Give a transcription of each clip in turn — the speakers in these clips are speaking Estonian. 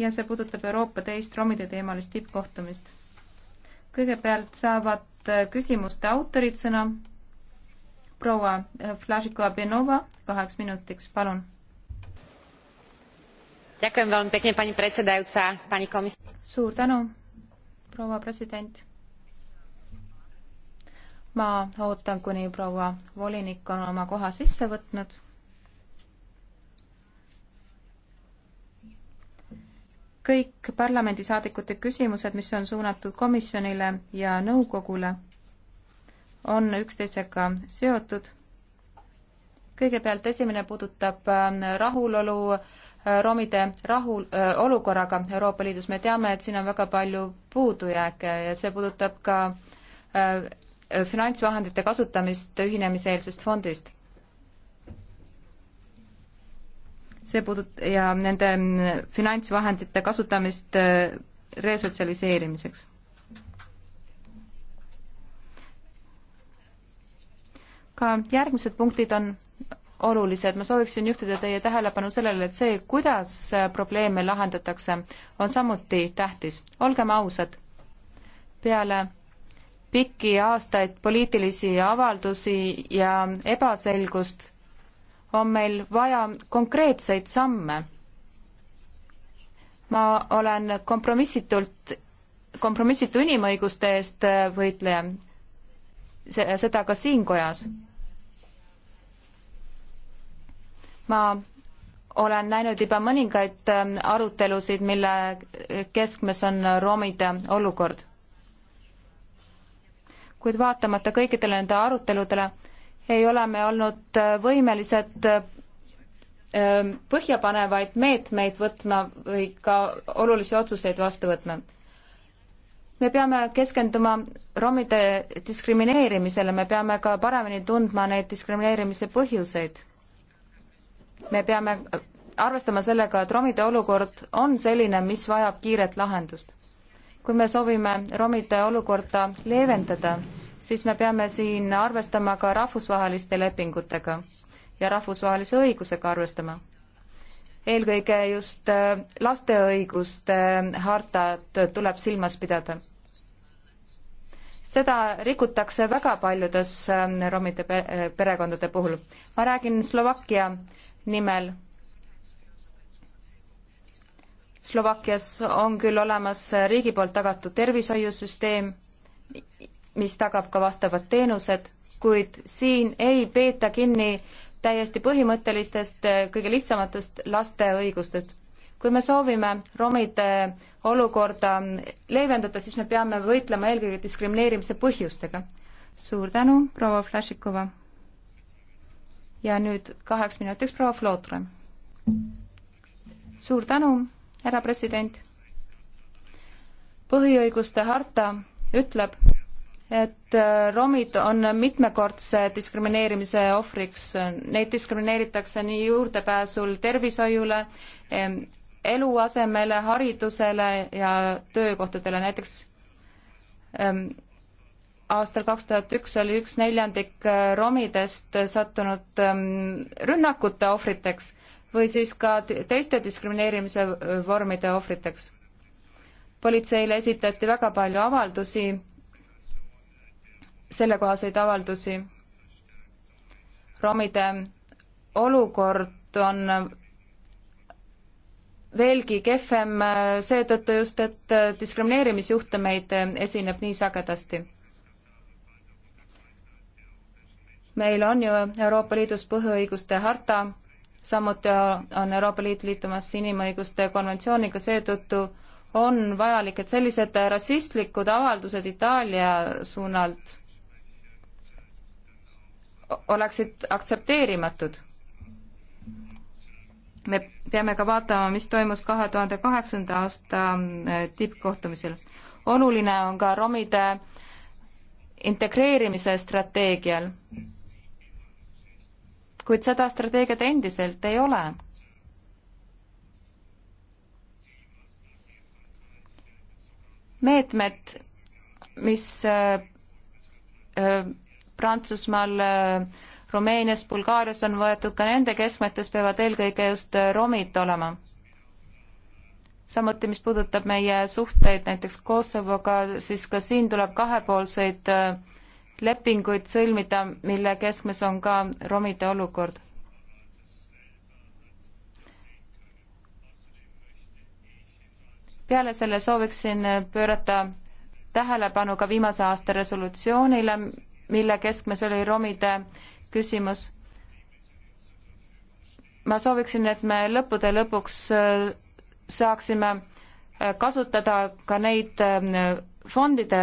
ja see puudutab Euroopa teist romide teemalist tippkohtumist. kõigepealt saavad äh, küsimuste autorid sõna. proua äh, Flašikova-Benova kaheks minutiks, palun. suur tänu, proua president. ma ootan, kuni proua volinik on oma koha sisse võtnud kõik parlamendisaadikute küsimused, mis on suunatud komisjonile ja nõukogule, on üksteisega seotud. kõigepealt esimene puudutab ähm, rahulolu, äh, romide rahul äh,, olukorraga Euroopa Liidus. me teame, et siin on väga palju puudujääke ja see puudutab ka äh, finantsvahendite kasutamist ühinemiseelsest fondist see puudut- ja nende finantsvahendite kasutamist äh, resotsialiseerimiseks. ka järgmised punktid on olulised, ma sooviksin juhtida teie tähelepanu sellele, et see, kuidas äh, probleeme lahendatakse, on samuti tähtis. olgem ausad, peale pikki aastaid poliitilisi avaldusi ja ebaselgust on meil vaja konkreetseid samme. ma olen kompromissitult, kompromissitu inimõiguste eest äh, võitleja, seda ka siin kojas. ma olen näinud juba mõningaid äh, arutelusid, mille keskmes on roomide olukord. kuid vaatamata kõikidele nende aruteludele ei ole me olnud võimelised äh, põhjapanevaid meetmeid võtma või ka olulisi otsuseid vastu võtma. me peame keskenduma romide diskrimineerimisele, me peame ka paremini tundma neid diskrimineerimise põhjuseid. me peame arvestama sellega, et romide olukord on selline, mis vajab kiiret lahendust. kui me soovime romide olukorda leevendada, siis me peame siin arvestama ka rahvusvaheliste lepingutega ja rahvusvahelise õigusega arvestama. eelkõige just äh, laste õiguste äh, hartat tuleb silmas pidada. seda rikutakse väga paljudes äh, romide perekondade puhul. ma räägin Slovakkia nimel. Slovakkias on küll olemas riigi poolt tagatud tervishoiusüsteem mis tagab ka vastavad teenused, kuid siin ei peeta kinni täiesti põhimõttelistest, äh, kõige lihtsamatest laste õigustest. kui me soovime romide olukorda leevendada, siis me peame võitlema eelkõige diskrimineerimise põhjustega. suur tänu, proua Flašikova. ja nüüd kaheks minutiks proua Flotre. suur tänu, härra president. põhiõiguste harta ütleb, et äh, romid on mitmekordse diskrimineerimise ohvriks, neid diskrimineeritakse nii juurdepääsul tervishoiule, eluasemele, haridusele ja töökohtadele, näiteks aastal kaks tuhat üks oli üks neljandik äh, romidest sattunud rünnakute ohvriteks või siis ka teiste diskrimineerimise vormide ohvriteks. politseile esitati väga palju avaldusi sellekohaseid avaldusi. romide olukord on veelgi kehvem seetõttu just, et diskrimineerimisjuhtumeid esineb nii sagedasti. meil on ju Euroopa Liidus põhiõiguste harta, samuti on Euroopa Liit liitumas inimõiguste konventsiooniga, seetõttu on vajalik, et sellised rassistlikud avaldused Itaalia suunalt oleksid aktsepteerimatud. me peame ka vaatama, mis toimus kahe tuhande kaheksanda aasta äh, tippkohtumisel. oluline on ka romide integreerimise strateegial, kuid seda strateegiat endiselt ei ole meetmed, mis äh, äh, Prantsusmaal, äh, Rumeenias, Bulgaarias on võetud, ka nende keskmetes peavad eelkõige just äh, romid olema. samuti, mis puudutab meie suhteid näiteks Kosovoga, siis ka siin tuleb kahepoolseid äh, lepinguid sõlmida, mille keskmes on ka romide olukord peale selle sooviksin pöörata tähelepanu ka viimase aasta resolutsioonile, mille keskmes oli romide küsimus. ma sooviksin, et me lõppude lõpuks äh, saaksime äh, kasutada ka neid äh, fondide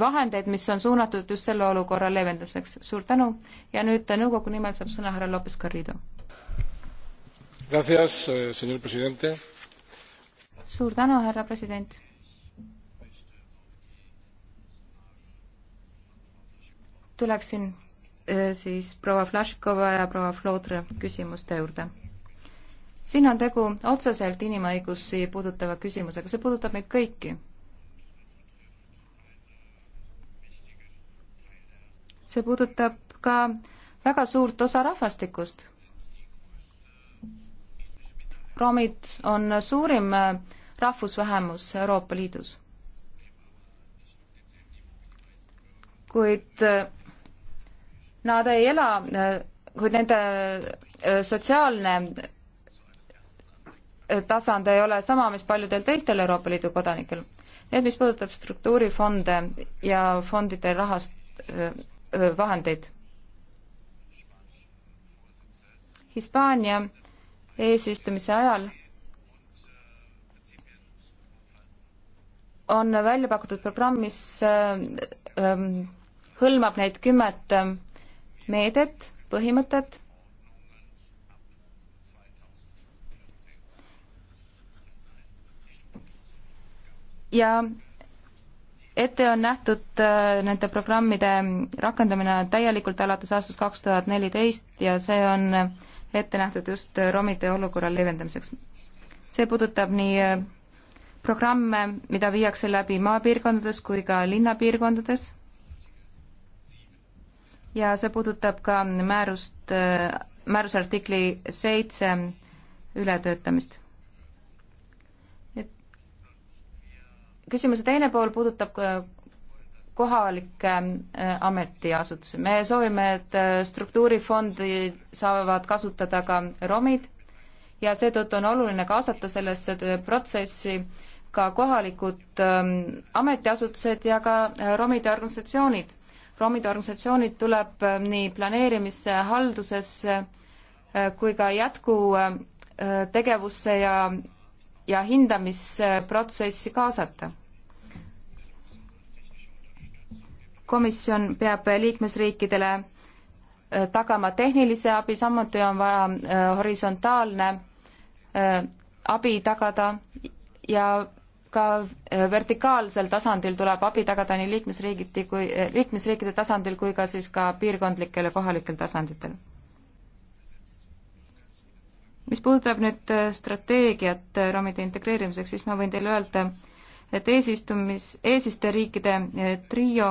vahendeid, mis on suunatud just selle olukorra leevendamiseks. suur tänu ja nüüd nõukogu nimel saab sõna härra Lopez Garrido. suur tänu, härra president tuleksin äh, siis proua Flašikova ja proua Flodre küsimuste juurde. siin on tegu otseselt inimõigusi puudutava küsimusega, see puudutab meid kõiki. see puudutab ka väga suurt osa rahvastikust. romid on suurim rahvusvähemus Euroopa Liidus. kuid äh, Nad ei ela, äh, kuid nende äh, sotsiaalne äh, tasand ei ole sama, mis paljudel teistel Euroopa Liidu kodanikel. Need, mis puudutab struktuurifonde ja fondide rahast, vahendeid. Hispaania eesistumise ajal on välja pakutud programm, mis ähm, hõlmab neid kümmet ähm, meedet, põhimõtet. ja ette on nähtud äh, nende programmide rakendamine täielikult alates aastast kaks tuhat neliteist ja see on ette nähtud just romide olukorra leevendamiseks. see puudutab nii äh, programme, mida viiakse läbi maapiirkondades kui ka linnapiirkondades ja see puudutab ka määrust, äh, määruse artikli seitse ületöötamist. et küsimuse teine pool puudutab äh, kohalikke äh, ametiasutusi. me soovime, et struktuurifondi saavad kasutada ka romid ja seetõttu on oluline kaasata sellesse protsessi ka kohalikud ähm, ametiasutused ja ka romide organisatsioonid roomide organisatsioonid tuleb äh, nii planeerimisse, haldusesse äh, kui ka jätkutegevusse äh, ja, ja hindamisprotsessi kaasata. komisjon peab liikmesriikidele tagama tehnilise abi, samuti on vaja horisontaalne abi tagada ja ka eh, vertikaalsel tasandil tuleb abi tagada nii liikmesriigiti kui, eh, liikmesriikide tasandil kui ka siis ka piirkondlikel ja kohalikel tasanditel. mis puudutab nüüd eh, strateegiat romide integreerimiseks, siis ma võin teile öelda, et eesistumis, eesistujariikide trio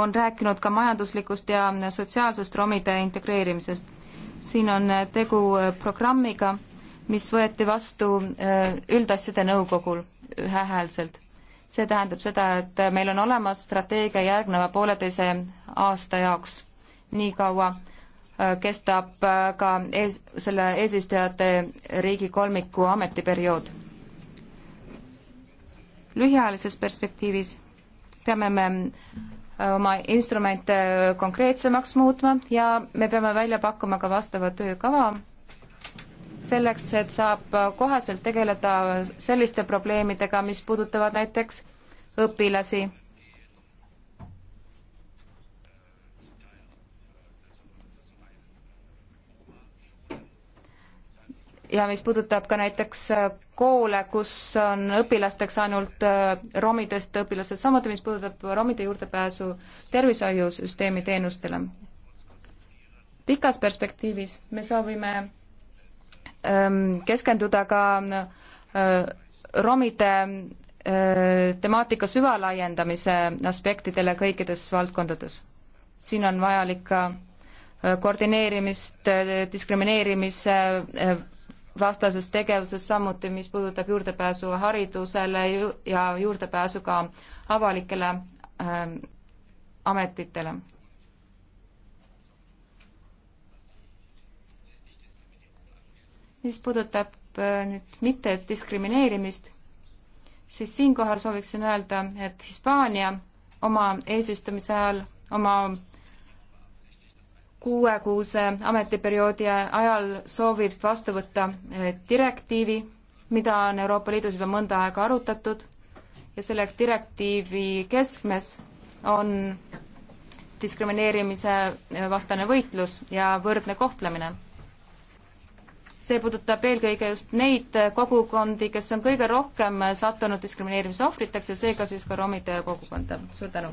on rääkinud ka majanduslikust ja sotsiaalsest romide integreerimisest. siin on tegu programmiga mis võeti vastu äh, üldasjade nõukogul ühehäälselt. see tähendab seda, et meil on olemas strateegia järgneva pooleteise aasta jaoks. nii kaua äh, kestab äh, ka ees, selle eesistujate riigi kolmiku ametiperiood. lühiajalises perspektiivis peame me oma instrumente konkreetsemaks muutma ja me peame välja pakkuma ka vastava töökava, selleks, et saab koheselt tegeleda selliste probleemidega, mis puudutavad näiteks õpilasi. ja mis puudutab ka näiteks koole, kus on õpilasteks ainult äh, romidest õpilased, samuti mis puudutab romide juurdepääsu tervishoiusüsteemi teenustele. pikas perspektiivis me soovime Ähm, keskenduda ka äh, romide äh, temaatika süvalaiendamise aspektidele kõikides valdkondades. siin on vajalik ka äh, koordineerimist diskrimineerimise vastases tegevuses samuti, mis puudutab juurdepääsu haridusele ju ja juurdepääsu ka avalikele ähm, ametitele mis puudutab äh, nüüd mittediskrimineerimist, siis siinkohal sooviksin öelda, et Hispaania oma eesistumise ajal, oma kuuekuuse ametiperioodi ajal soovib vastu võtta äh, direktiivi, mida on Euroopa Liidus juba mõnda aega arutatud ja selle direktiivi keskmes on diskrimineerimise äh, vastane võitlus ja võrdne kohtlemine see puudutab eelkõige just neid kogukondi, kes on kõige rohkem sattunud diskrimineerimise ohvriteks ja seega siis ka romide kogukonda. suur tänu.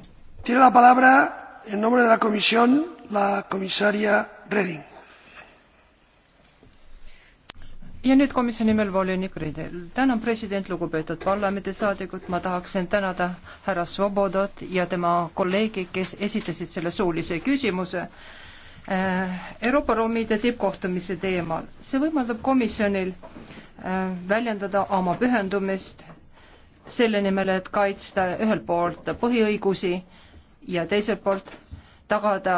ja nüüd komisjoni nimel volinik Reidel. tänan president, lugupeetud parlamendisaadikud, ma tahaksin tänada härra Svobodat ja tema kolleegi, kes esitasid selle suulise küsimuse Äh, Euroopa ruumide tippkohtumise teemal. see võimaldab komisjonil äh, väljendada oma pühendumist selle nimel, et kaitsta ühelt poolt põhiõigusi ja teiselt poolt tagada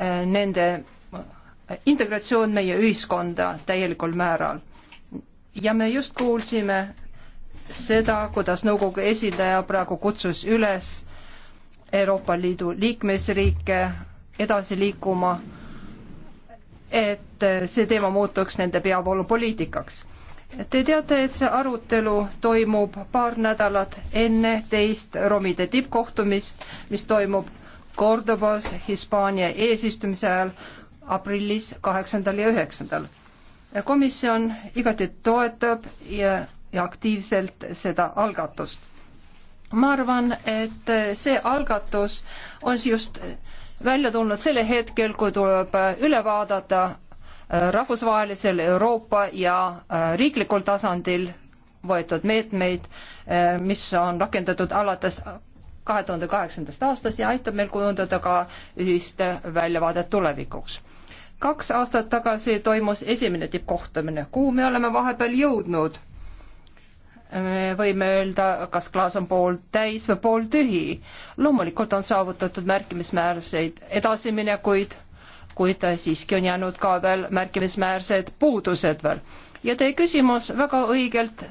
äh, nende integratsioon meie ühiskonda täielikul määral. ja me just kuulsime seda, kuidas nõukogu esindaja praegu kutsus üles Euroopa Liidu liikmesriike edasi liikuma, et eh, see teema muutuks nende peavoolupoliitikaks. Te teate, et see arutelu toimub paar nädalat enne teist Romide tippkohtumist, mis toimub Cordobas Hispaania eesistumise ajal aprillis kaheksandal ja üheksandal. komisjon igati toetab ja, ja aktiivselt seda algatust ma arvan, et eh, see algatus on just välja tulnud sel hetkel, kui tuleb äh, üle vaadata äh, rahvusvahelisel Euroopa ja äh, riiklikul tasandil võetud meetmeid, mis on rakendatud alates kahe tuhande kaheksandast aastast ja aitab meil kujundada ka ühist väljavaadet tulevikuks. kaks aastat tagasi toimus esimene tippkohtumine, kuhu me oleme vahepeal jõudnud me võime öelda, kas klaas on pooltäis või pooltühi. loomulikult on saavutatud märkimismäärseid edasiminekuid, kuid siiski on jäänud ka veel märkimisväärsed puudused veel. ja teie küsimus väga õigelt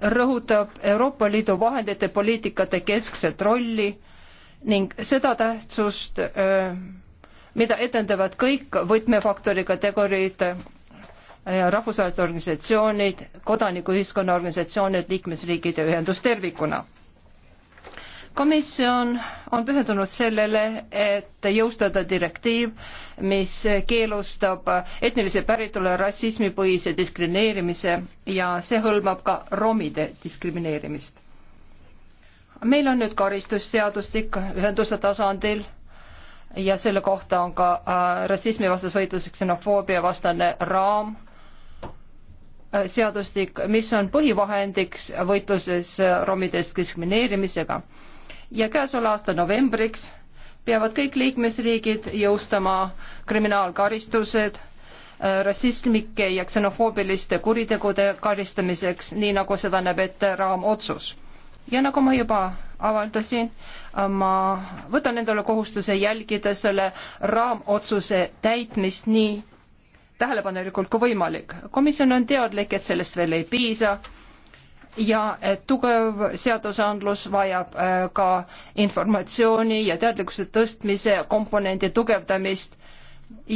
rõhutab Euroopa Liidu vahendite poliitikate keskset rolli ning seda tähtsust, äh, mida etendavad kõik võtmefaktoriga tegurid ja rahvusvahelised organisatsioonid, kodanikuühiskonna organisatsioonid, liikmesriigid ja ühendus tervikuna. komisjon on pühendunud sellele, et jõustada direktiiv, mis keelustab etnilise päritolu ja rassismipõhise diskrimineerimise ja see hõlmab ka romide diskrimineerimist. meil on nüüd karistusseadustik ühenduse tasandil ja selle kohta on ka äh, rassismivastase võitluse ksenofoobia vastane raam seadustik, mis on põhivahendiks võitluses romide diskrimineerimisega. ja käesoleva aasta novembriks peavad kõik liikmesriigid jõustama kriminaalkaristused äh, rassismike ja ksenofoobiliste kuritegude karistamiseks, nii nagu seda näeb ette raamotsus ja nagu ma juba avaldasin, äh, ma võtan endale kohustuse jälgida selle raamotsuse täitmist nii, tähelepanelikult kui võimalik. komisjon on teadlik, et sellest veel ei piisa ja et tugev seadusandlus vajab äh, ka informatsiooni ja teadlikkuse tõstmise komponendi tugevdamist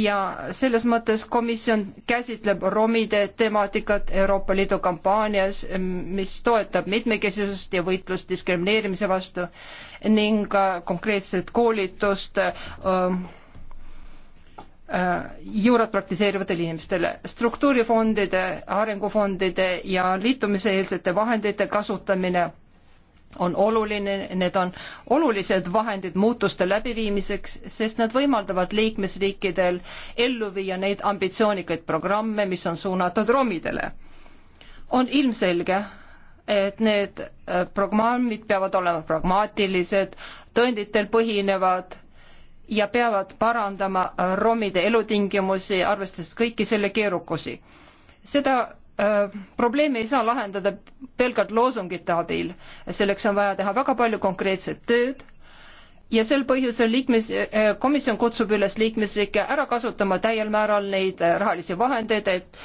ja selles mõttes komisjon käsitleb romide temaatikat Euroopa Liidu kampaanias, mis toetab mitmekesisust ja võitlust diskrimineerimise vastu ning äh, konkreetset koolitust öö, äh, Äh, juurat praktiseerivatele inimestele. struktuurifondide, arengufondide ja liitumiseelsete vahendite kasutamine on oluline, need on olulised vahendid muutuste läbiviimiseks, sest nad võimaldavad liikmesriikidel ellu viia neid ambitsioonikaid programme, mis on suunatud romidele. on ilmselge, et need äh, programmid peavad olema pragmaatilised, tõenditel põhinevad ja peavad parandama äh, romide elutingimusi, arvestades kõiki selle keerukusi. seda äh, probleemi ei saa lahendada pelgalt loosungite abil, selleks on vaja teha väga palju konkreetset tööd ja sel põhjusel liikmes- äh,, komisjon kutsub üles liikmesriike ära kasutama täiel määral neid äh, rahalisi vahendeid, et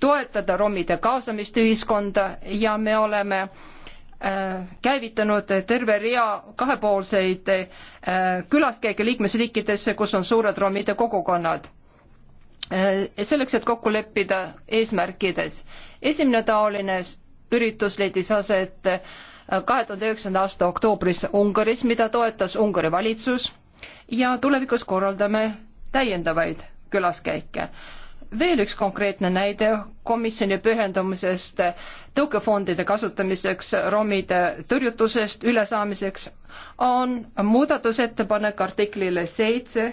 toetada romide kaasamist ühiskonda ja me oleme äh, Äh, käivitanud terve rea kahepoolseid äh, külaskäike liikmesriikidesse, kus on suured romide kogukonnad. Äh, et selleks, et kokku leppida eesmärkides. esimene taoline üritus leidis aset kahe tuhande üheksanda aasta oktoobris Ungaris, mida toetas Ungari valitsus ja tulevikus korraldame täiendavaid külaskäike veel üks konkreetne näide komisjoni pühendumisest tõukefondide kasutamiseks romide tõrjutusest ülesaamiseks on muudatusettepanek artiklile seitse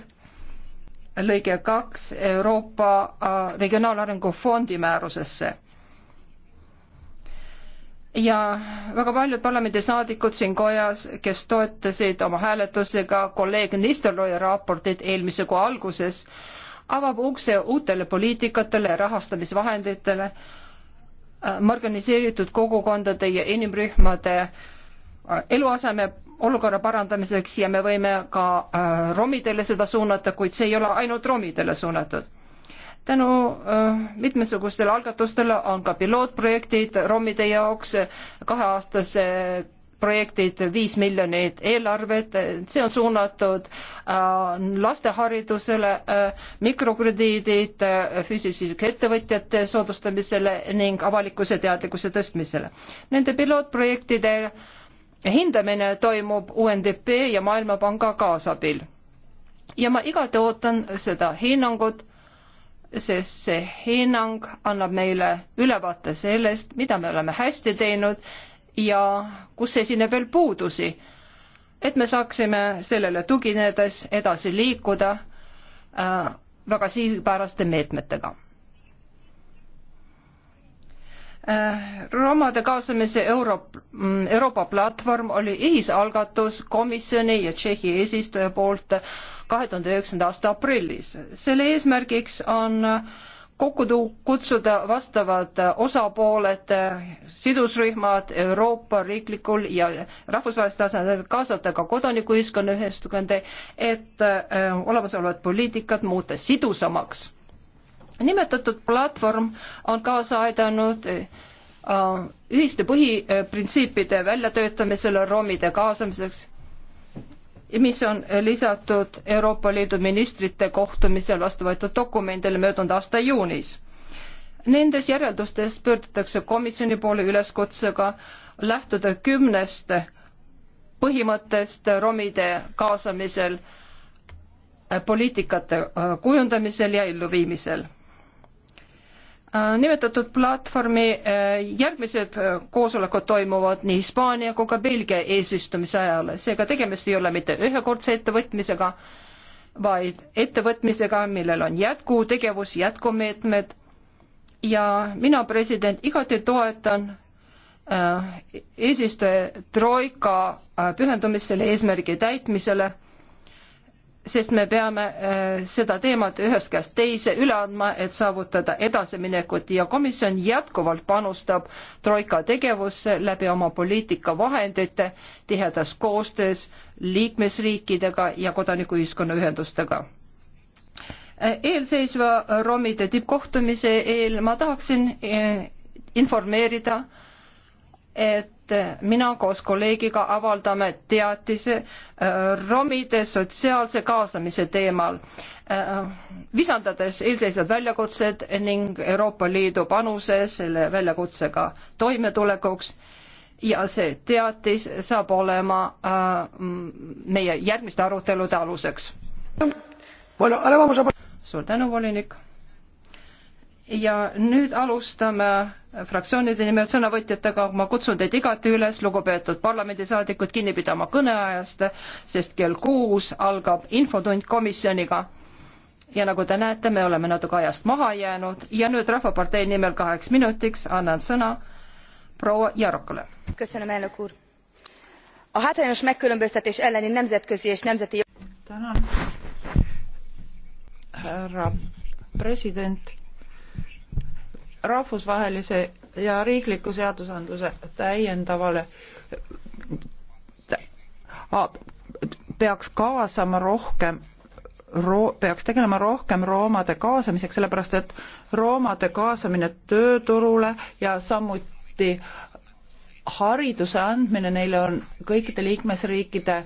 lõige kaks Euroopa äh, Regionaalarengu Fondi määrusesse. ja väga paljud parlamendisaadikud siin kojas, kes toetasid oma hääletusega kolleeg Nistelrooja raportit eelmise kuu alguses, avab ukse uutele poliitikatele, rahastamisvahenditele, äh, marginaliseeritud kogukondade ja inimrühmade äh, eluaseme olukorra parandamiseks ja me võime ka äh, romidele seda suunata, kuid see ei ole ainult romidele suunatud. tänu mitmesugustele algatustele on ka pilootprojektid romide jaoks kaheaastase projektid, viis miljonit eelarvet, see on suunatud äh, laste haridusele, äh, mikrokrediidid äh, füüsilise isiku ettevõtjate soodustamisele ning avalikkuse teadlikkuse tõstmisele. Nende pilootprojektide hindamine toimub UNDP ja Maailmapanga kaasabil. ja ma igati ootan seda hinnangut sest see hinnang annab meile ülevaate sellest, mida me oleme hästi teinud ja kus esineb veel puudusi, et me saaksime sellele tuginedes edasi liikuda äh, väga sihipäraste meetmetega äh, Romade kaasamise Euro, mm, Euroopa platvorm oli ühisalgatus komisjoni ja Tšehhi eesistuja poolt kahe tuhande üheksanda aasta aprillis. selle eesmärgiks on kokku tu-, kutsuda vastavad äh, osapooled, äh, sidusrühmad Euroopa riiklikul ja rahvusvahelisel tasandil, kaasata ka kodanikuühiskonna ühiskond, et äh, olemasolevad poliitikad muuta sidusamaks. nimetatud platvorm on kaasa aidanud ühiste põhiprintsiipide väljatöötamisele, roomide kaasamiseks mis on lisatud Euroopa Liidu ministrite kohtumisel vastu võetud dokumendile möödunud aasta juunis. Nendes järeldustes pöördutakse komisjoni poole üleskutsega lähtuda kümnest põhimõttest romide kaasamisel poliitikate kujundamisel ja elluviimisel Äh, nimetatud platvormi äh, järgmised äh, koosolekud toimuvad nii Hispaania kui ka Belgia eesistumise ajal, seega tegemist ei ole mitte ühekordse ettevõtmisega, vaid ettevõtmisega, millel on jätkutegevus, jätkumeetmed ja mina president igati toetan eesistuja Troika pühendumist selle eesmärgi täitmisele sest me peame äh, seda teemat ühest käest teise üle andma, et saavutada edasiminekut ja komisjon jätkuvalt panustab Troika tegevusse läbi oma poliitikavahendite tihedas koostöös liikmesriikidega ja kodanikuühiskonna ühendustega. Äh, eelseisva Romide tippkohtumise eel ma tahaksin äh, informeerida, et mina koos kolleegiga avaldame teatise äh, romide sotsiaalse kaasamise teemal, äh, visandades eelseisvad väljakutsed ning Euroopa Liidu panuse selle väljakutsega toimetulekuks ja see teatis saab olema äh, meie järgmiste arutelude aluseks. suur tänu, volinik ja nüüd alustame fraktsioonide nimel sõnavõtjatega, ma kutsun teid igati üles, lugupeetud parlamendisaadikud, kinni pidama kõneajast, sest kell kuus algab infotund komisjoniga. ja nagu te näete, me oleme natuke ajast maha jäänud ja nüüd Rahvapartei nimel kaheks minutiks annan sõna proua Jarokale. tänan, härra president rahvusvahelise ja riikliku seadusandluse täiendavale peaks kaasama rohkem ro-, peaks tegelema rohkem roomade kaasamiseks, sellepärast et roomade kaasamine tööturule ja samuti hariduse andmine neile on kõikide liikmesriikide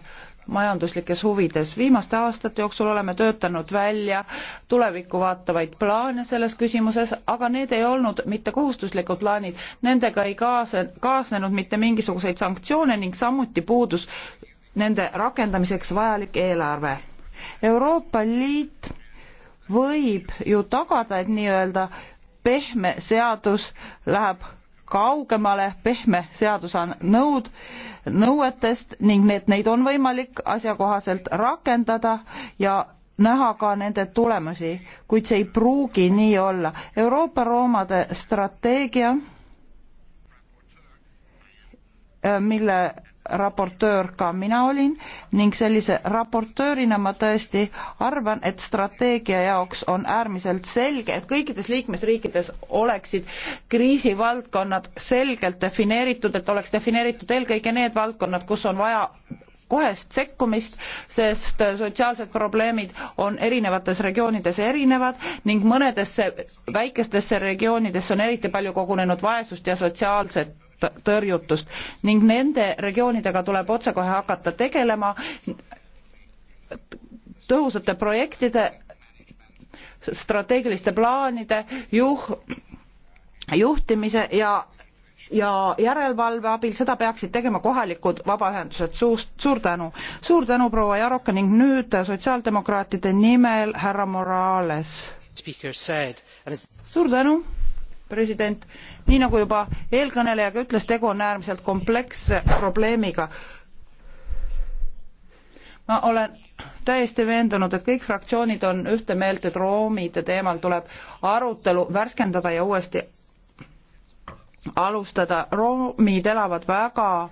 majanduslikes huvides. viimaste aastate jooksul oleme töötanud välja tulevikku vaatavaid plaane selles küsimuses, aga need ei olnud mitte kohustuslikud plaanid, nendega ei kaase, kaasnenud mitte mingisuguseid sanktsioone ning samuti puudus nende rakendamiseks vajalik eelarve. Euroopa Liit võib ju tagada, et nii-öelda pehme seadus läheb kaugemale pehme seadusnõud, nõuetest ning need, neid on võimalik asjakohaselt rakendada ja näha ka nende tulemusi, kuid see ei pruugi nii olla. Euroopa roomade strateegia, mille raportöör ka mina olin ning sellise raportöörina ma tõesti arvan, et strateegia jaoks on äärmiselt selge, et kõikides liikmesriikides oleksid kriisivaldkonnad selgelt defineeritud, et oleks defineeritud eelkõige need valdkonnad, kus on vaja kohest sekkumist, sest sotsiaalsed probleemid on erinevates regioonides erinevad ning mõnedesse väikestesse regioonidesse on eriti palju kogunenud vaesust ja sotsiaalset tõrjutust ning nende regioonidega tuleb otsekohe hakata tegelema tõhusate projektide, strateegiliste plaanide, juh-, juhtimise ja ja järelevalve abil, seda peaksid tegema kohalikud vabaühendused, suust, suur tänu. suur tänu, proua Jaroka ning nüüd sotsiaaldemokraatide nimel härra Morales. suur tänu president, nii nagu juba eelkõneleja ka ütles, tegu on äärmiselt kompleksse probleemiga. ma olen täiesti veendunud, et kõik fraktsioonid on ühte meelt, et roomide teemal tuleb arutelu värskendada ja uuesti alustada. roomid elavad väga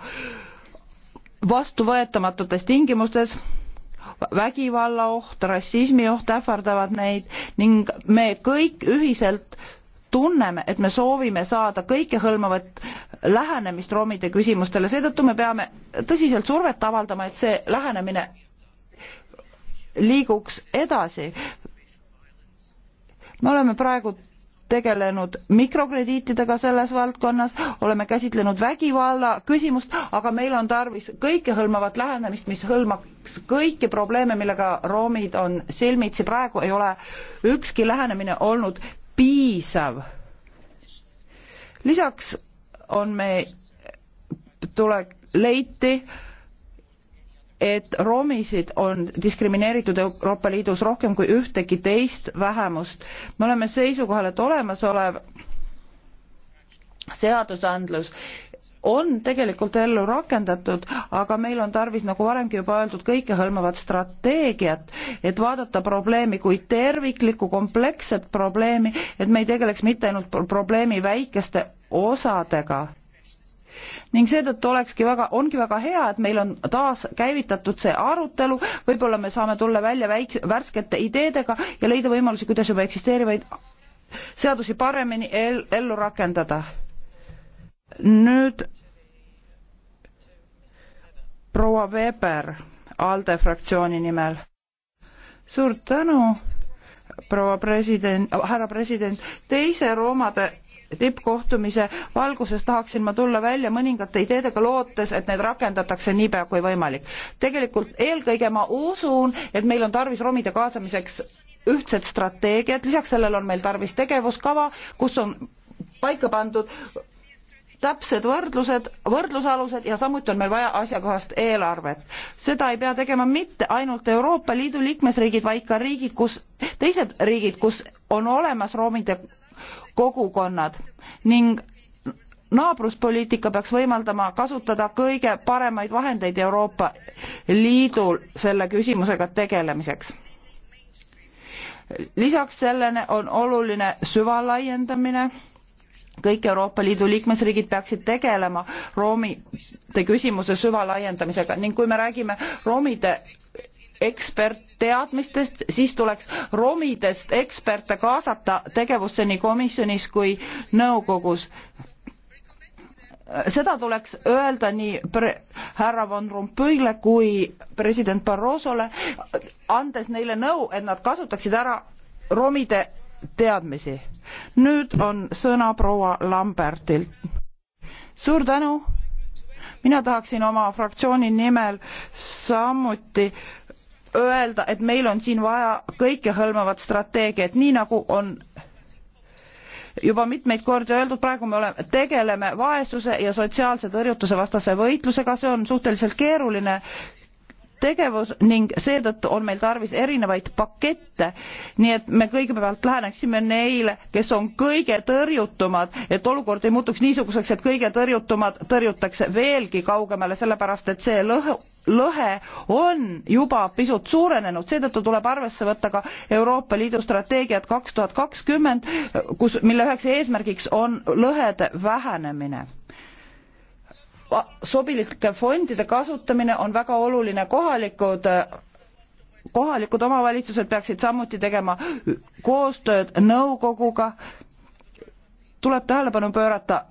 vastuvõetamatutes tingimustes vägivalla oht, rassismi oht ähvardavad neid ning me kõik ühiselt tunneme, et me soovime saada kõikehõlmavat lähenemist roomide küsimustele, seetõttu me peame tõsiselt survet avaldama, et see lähenemine liiguks edasi. me oleme praegu tegelenud mikrokrediitidega selles valdkonnas, oleme käsitlenud vägivalla küsimust, aga meil on tarvis kõikehõlmavat lähenemist, mis hõlmaks kõiki probleeme, millega roomid on silmitsi. praegu ei ole ükski lähenemine olnud piisav. lisaks on me, tule, leiti, et romisid on diskrimineeritud Euroopa Liidus rohkem kui ühtegi teist vähemust. me oleme seisukohal, et olemasolev seadusandlus on tegelikult ellu rakendatud, aga meil on tarvis, nagu varemgi juba öeldud, kõikehõlmavat strateegiat, et vaadata probleemi kui terviklikku kompleksset probleemi, et me ei tegeleks mitte ainult probleemi väikeste osadega ning seetõttu olekski väga, ongi väga hea, et meil on taas käivitatud see arutelu, võib-olla me saame tulla välja väikse, värskete ideedega ja leida võimalusi, kuidas juba eksisteerivaid seadusi paremini ellu rakendada nüüd proua Weber ALDE fraktsiooni nimel. suur tänu, proua president, oh, härra president, teise roomade tippkohtumise valguses tahaksin ma tulla välja mõningate ideedega lootes, et need rakendatakse niipea kui võimalik. tegelikult eelkõige ma usun, et meil on tarvis romide kaasamiseks ühtset strateegiat, lisaks sellele on meil tarvis tegevuskava, kus on paika pandud täpsed võrdlused, võrdlusalused ja samuti on meil vaja asjakohast eelarvet. seda ei pea tegema mitte ainult Euroopa Liidu liikmesriigid, vaid ka riigid, kus, teised riigid, kus on olemas roomide kogukonnad ning naabruspoliitika peaks võimaldama kasutada kõige paremaid vahendeid Euroopa Liidul selle küsimusega tegelemiseks. lisaks sellele on oluline süvalaiendamine kõik Euroopa Liidu liikmesriigid peaksid tegelema roomide küsimuse süvalaiendamisega ning kui me räägime roomide ekspertteadmistest, siis tuleks romidest eksperte kaasata tegevusse nii komisjonis kui nõukogus seda tuleks öelda nii pre-, härra Van Rompuyle kui president Barrosole, andes neile nõu, et nad kasutaksid ära romide teadmisi. nüüd on sõna proua Lambertilt. suur tänu. mina tahaksin oma fraktsiooni nimel samuti öelda, et meil on siin vaja kõikehõlmavat strateegiat, nii nagu on juba mitmeid kordi öeldud, praegu me oleme, tegeleme vaesuse ja sotsiaalse tõrjutuse vastase võitlusega, see on suhteliselt keeruline tegevus ning seetõttu on meil tarvis erinevaid pakette, nii et me kõigepealt läheneksime neile, kes on kõige tõrjutumad, et olukord ei muutuks niisuguseks, et kõige tõrjutumad tõrjutakse veelgi kaugemale, sellepärast et see lõhe, lõhe on juba pisut suurenenud, seetõttu tuleb arvesse võtta ka Euroopa Liidu strateegiat kaks tuhat kakskümmend, kus, mille üheks eesmärgiks on lõhede vähenemine sobilike fondide kasutamine on väga oluline, kohalikud eh, kohalikud omavalitsused peaksid samuti tegema koostööd nõukoguga. tuleb tähelepanu pöörata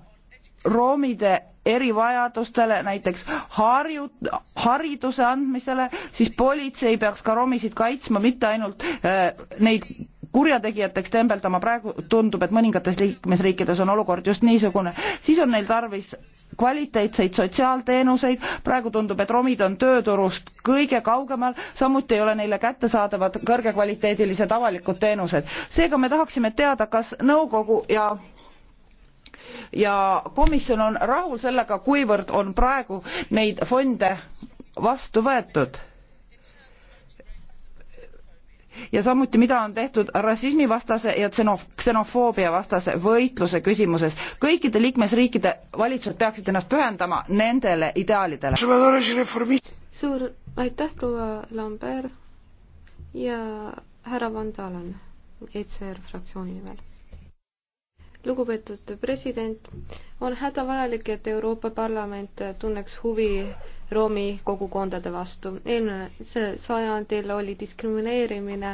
roomide erivajadustele, näiteks harju, hariduse andmisele, siis politsei peaks ka romisid kaitsma, mitte ainult äh, neid kurjategijateks tembeldama, praegu tundub, et mõningates liikmesriikides on olukord just niisugune, siis on neil tarvis kvaliteetseid sotsiaalteenuseid, praegu tundub, et romid on tööturust kõige kaugemal, samuti ei ole neile kättesaadavad kõrgekvaliteedilised avalikud teenused. seega me tahaksime teada, kas nõukogu ja ja komisjon on rahul sellega, kuivõrd on praegu neid fonde vastu võetud ja samuti, mida on tehtud rassismivastase ja ksenofoobia vastase võitluse küsimuses. kõikide liikmesriikide valitsused peaksid ennast pühendama nendele ideaalidele. suur aitäh, proua Lambert ja härra Van Dalen, ECR fraktsiooni nimel lugupeetud president, on hädavajalik, et Euroopa Parlament tunneks huvi romi kogukondade vastu. eelmisel sajandil oli diskrimineerimine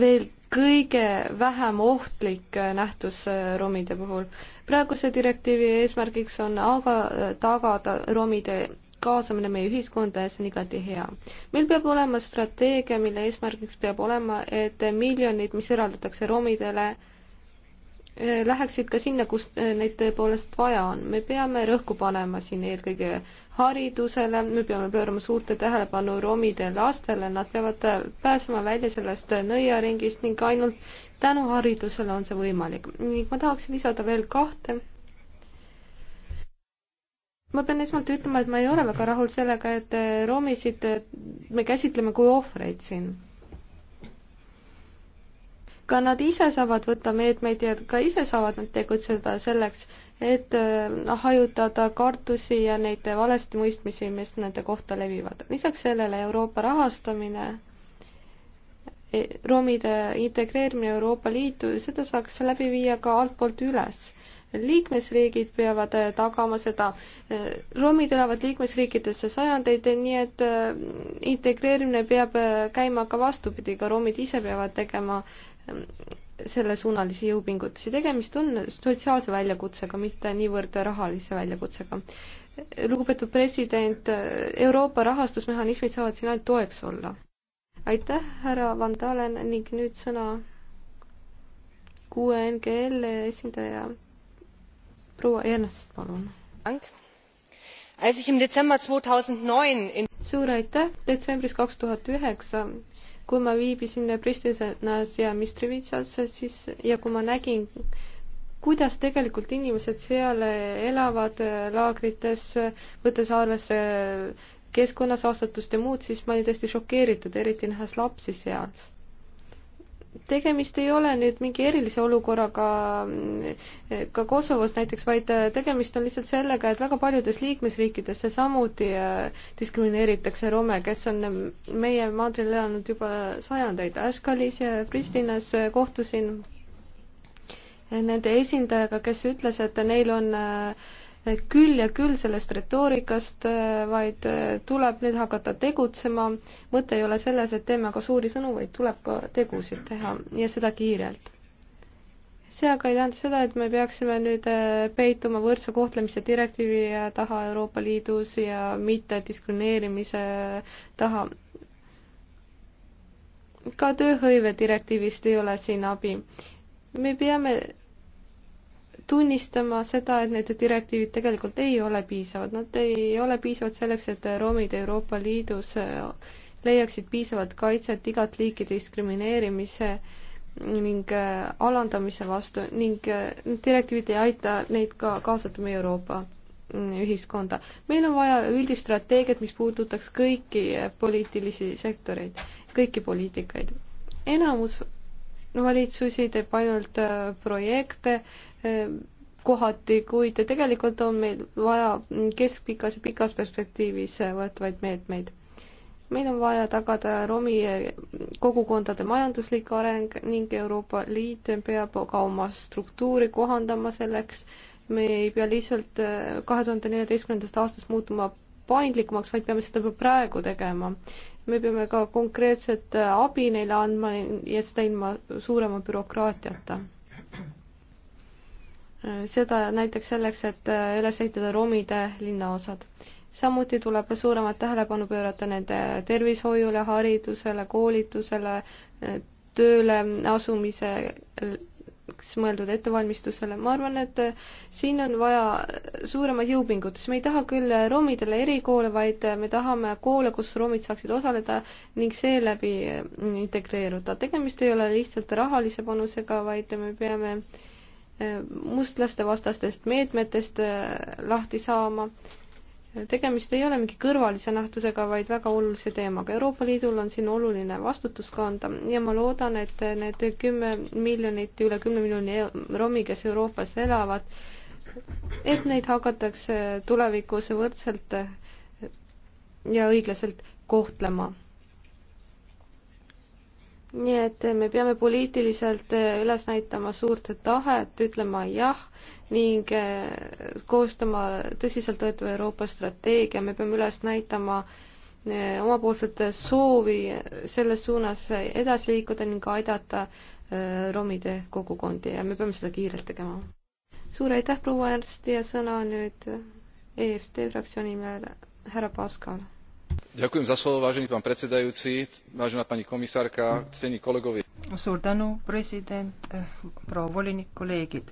veel kõige vähem ohtlik nähtus romide puhul. praeguse direktiivi eesmärgiks on aga tagada romide kaasamine meie ühiskonda ja see on igati hea. meil peab olema strateegia, mille eesmärgiks peab olema, et miljonid, mis eraldatakse romidele, eh, läheksid ka sinna, kus eh, neid tõepoolest vaja on. me peame rõhku panema siin eelkõige haridusele, me peame pöörama suurt tähelepanu romide lastele, nad peavad eh, pääsema välja sellest nõiaringist ning ainult tänu haridusele on see võimalik. ning ma tahaksin lisada veel kahte ma pean esmalt ütlema, et ma ei ole väga rahul sellega, et eh, romisid eh, me käsitleme kui ohvreid siin. ka nad ise saavad võtta meetmeid ja ka ise saavad nad tegutseda selleks, et eh, hajutada kartusi ja neid valesti mõistmisi, mis nende kohta levivad. lisaks sellele Euroopa rahastamine, romide integreerimine Euroopa Liitu, seda saaks läbi viia ka altpoolt üles liikmesriigid peavad äh, tagama seda. Äh, romid elavad liikmesriikidesse sajandeid, nii et äh, integreerimine peab käima ka vastupidi, ka romid ise peavad tegema ähm, sellesuunalisi jõupingutusi. tegemist on sotsiaalse väljakutsega, mitte niivõrd rahalise väljakutsega. lugupeetud president, Euroopa rahastusmehhanismid saavad siin ainult toeks olla. aitäh, härra Van Dalen ning nüüd sõna QNGL esindaja proua Ernst, palun. suur aitäh, detsembris kaks tuhat üheksa kui ma viibisin Pristinas ja Mistrivitsas, siis ja kui ma nägin, kuidas tegelikult inimesed seal elavad laagrites, võttes arvesse keskkonnasaastatust ja muud, siis ma olin tõesti šokeeritud, eriti nähes lapsi seal tegemist ei ole nüüd mingi erilise olukorraga mm, eh, ka Kosovos näiteks, vaid eh, tegemist on lihtsalt sellega, et väga paljudes liikmesriikides samuti eh, diskrimineeritakse rome, kes on mm, meie maadril elanud juba sajandeid. Ashkalis ja Pristinas kohtusin nende esindajaga, kes ütles, et neil on äh, küll ja küll sellest retoorikast, äh, vaid äh, tuleb nüüd hakata tegutsema. mõte ei ole selles, et teeme aga suuri sõnu, vaid tuleb ka tegusid teha ja seda kiirelt. see aga ei tähenda seda, et me peaksime nüüd äh, peituma võrdse kohtlemise direktiivi taha Euroopa Liidus ja mitte diskrimineerimise taha. ka tööhõive direktiivist ei ole siin abi. me peame tunnistama seda, et need direktiivid tegelikult ei ole piisavad, nad ei ole piisavad selleks, et roomid Euroopa Liidus äh, leiaksid piisavat kaitset igat liiki diskrimineerimise ning äh, alandamise vastu ning äh, direktiivid ei aita neid ka kaasata meie Euroopa mm, ühiskonda. meil on vaja üldist strateegiat, mis puudutaks kõiki poliitilisi sektoreid, kõiki poliitikaid. enamus valitsusi teeb ainult projekte, Ehm, kohati, kuid tegelikult on meil vaja keskpikas ja pikas perspektiivis äh, võetavaid meetmeid. meil on vaja tagada romi äh, kogukondade majanduslik areng ning Euroopa Liit peab ka oma struktuuri kohandama selleks. me ei pea lihtsalt äh, kahe tuhande neljateistkümnendast aastast muutuma paindlikumaks, vaid peame seda juba praegu tegema. me peame ka konkreetset abi neile andma ja seda ilma suurema bürokraatiata Äh, seda näiteks selleks, et äh, üles ehitada romide linnaosad. samuti tuleb suuremat tähelepanu pöörata nende tervishoiule, haridusele, koolitusele, äh, tööle asumiseks mõeldud ettevalmistusele, ma arvan, et siin on vaja suuremaid jõupingutusi, me ei taha küll romidele erikoole, vaid me tahame koole, kus romid saaksid osaleda ning seeläbi integreeruda. tegemist ei ole lihtsalt rahalise panusega, vaid me peame äh, mustlaste vastastest meetmetest äh, lahti saama. tegemist ei ole mingi kõrvalise nähtusega, vaid väga olulise teemaga. Euroopa Liidul on siin oluline vastutus kanda ja ma loodan, et need kümme miljonit, üle kümne miljoni romi, kes Euroopas elavad, et neid hakatakse tulevikus võrdselt ja õiglaselt kohtlema nii et me peame poliitiliselt üles näitama suurt tahet, ütlema jah ning eh, koostama tõsiseltvõetava Euroopa strateegia, me peame üles näitama eh, omapoolset soovi selles suunas edasi liikuda ning aidata eh, romide kogukondi ja me peame seda kiirelt tegema. suur aitäh, proua Ernst ja sõna nüüd EFT fraktsiooni nimel härra Paskal suur tänu president eh, proua volinik kolleegid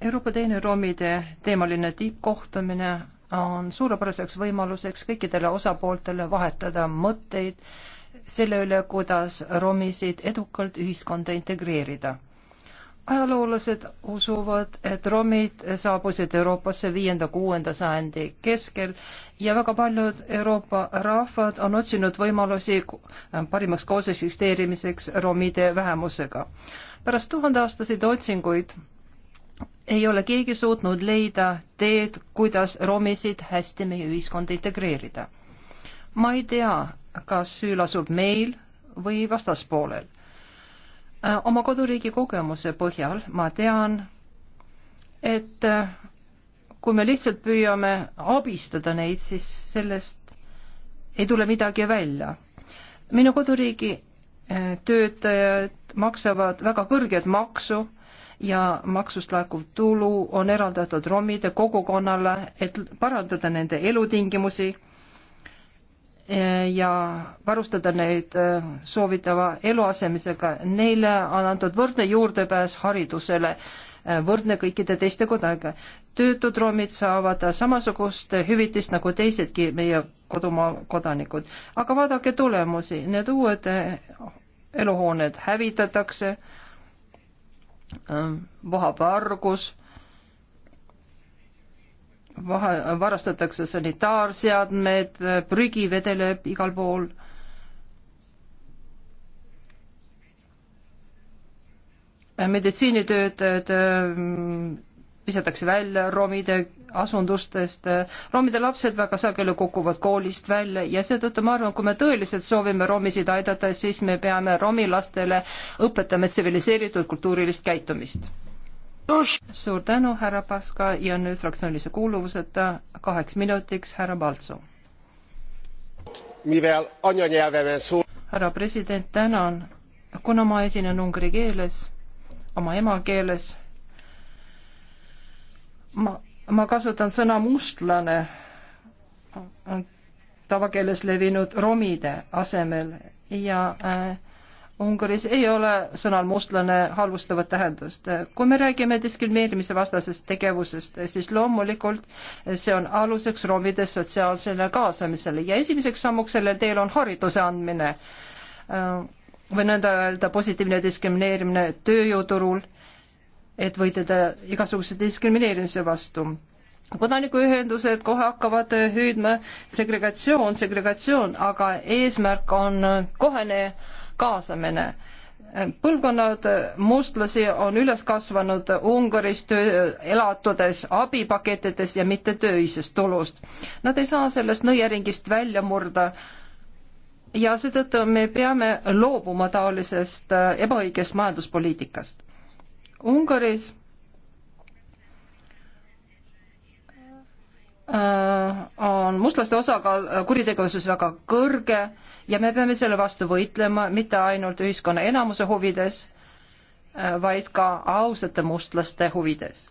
euroopa teine romide teemaline tippkohtumine on suurepäraseks võimaluseks kõikidele osapooltele vahetada mõtteid selle üle kuidas romisid edukalt ühiskonda integreerida ajaloolased usuvad, et romid saabusid Euroopasse viienda-kuuenda sajandi keskel ja väga paljud Euroopa rahvad on otsinud võimalusi parimaks koos eksisteerimiseks romide vähemusega. pärast tuhandeaastaseid otsinguid ei ole keegi suutnud leida teed, kuidas romisid hästi meie ühiskonda integreerida. ma ei tea, kas süü lasub meil või vastaspoolel Äh, oma koduriigi kogemuse põhjal ma tean, et äh, kui me lihtsalt püüame abistada neid, siis sellest ei tule midagi välja. minu koduriigi äh, töötajad maksavad väga kõrget maksu ja maksust laekuv tulu on eraldatud romide kogukonnale, et parandada nende elutingimusi Eh, ja varustada neid eh, soovitava eluasemisega. Neile on antud võrdne juurdepääs haridusele, eh, võrdne kõikide teiste kodanikega. töötud roomid saavad samasugust hüvitist nagu teisedki meie kodumaa kodanikud. aga vaadake tulemusi, need uued eluhooned hävitatakse, vohab vargus vahe, varastatakse sanitaarseadmed, prügi vedeleb igal pool. meditsiinitöötajad mm, visatakse välja romide asundustest, romide lapsed väga sageli kukuvad koolist välja ja seetõttu ma arvan, kui me tõeliselt soovime romisid aidata, siis me peame romi lastele õpetama tsiviliseeritud kultuurilist käitumist suur tänu, härra Paska ja nüüd fraktsioonilise kuuluvuseta kaheks minutiks härra Baltsu. härra president, tänan. kuna ma esinen ungari keeles, oma emakeeles, ma, ma kasutan sõna mustlane tavakeeles levinud romide asemel ja äh, Ungaris ei ole sõnal mustlane halvustavat tähendust. kui me räägime diskrimineerimise vastasest tegevusest, siis loomulikult see on aluseks romide sotsiaalsele kaasamisele ja esimeseks sammuks sellel teel on hariduse andmine või nõnda öelda positiivne diskrimineerimine tööjõuturul, et võidelda igasuguse diskrimineerimise vastu kodanikuühendused kohe hakkavad hüüdma segregatsioon, segregatsioon, aga eesmärk on kohene äh, kaasamine. põlvkonnad mustlasi on üles kasvanud Ungaris töö, elatudes abipakettides ja mitte töisest tulust. Nad ei saa sellest nõiaringist välja murda ja seetõttu me peame loobuma taolisest ebaõigest majanduspoliitikast. Ungaris Äh, on mustlaste osakaal äh, kuritegevuses väga kõrge ja me peame selle vastu võitlema mitte ainult ühiskonna enamuse huvides, äh, vaid ka ausate mustlaste huvides.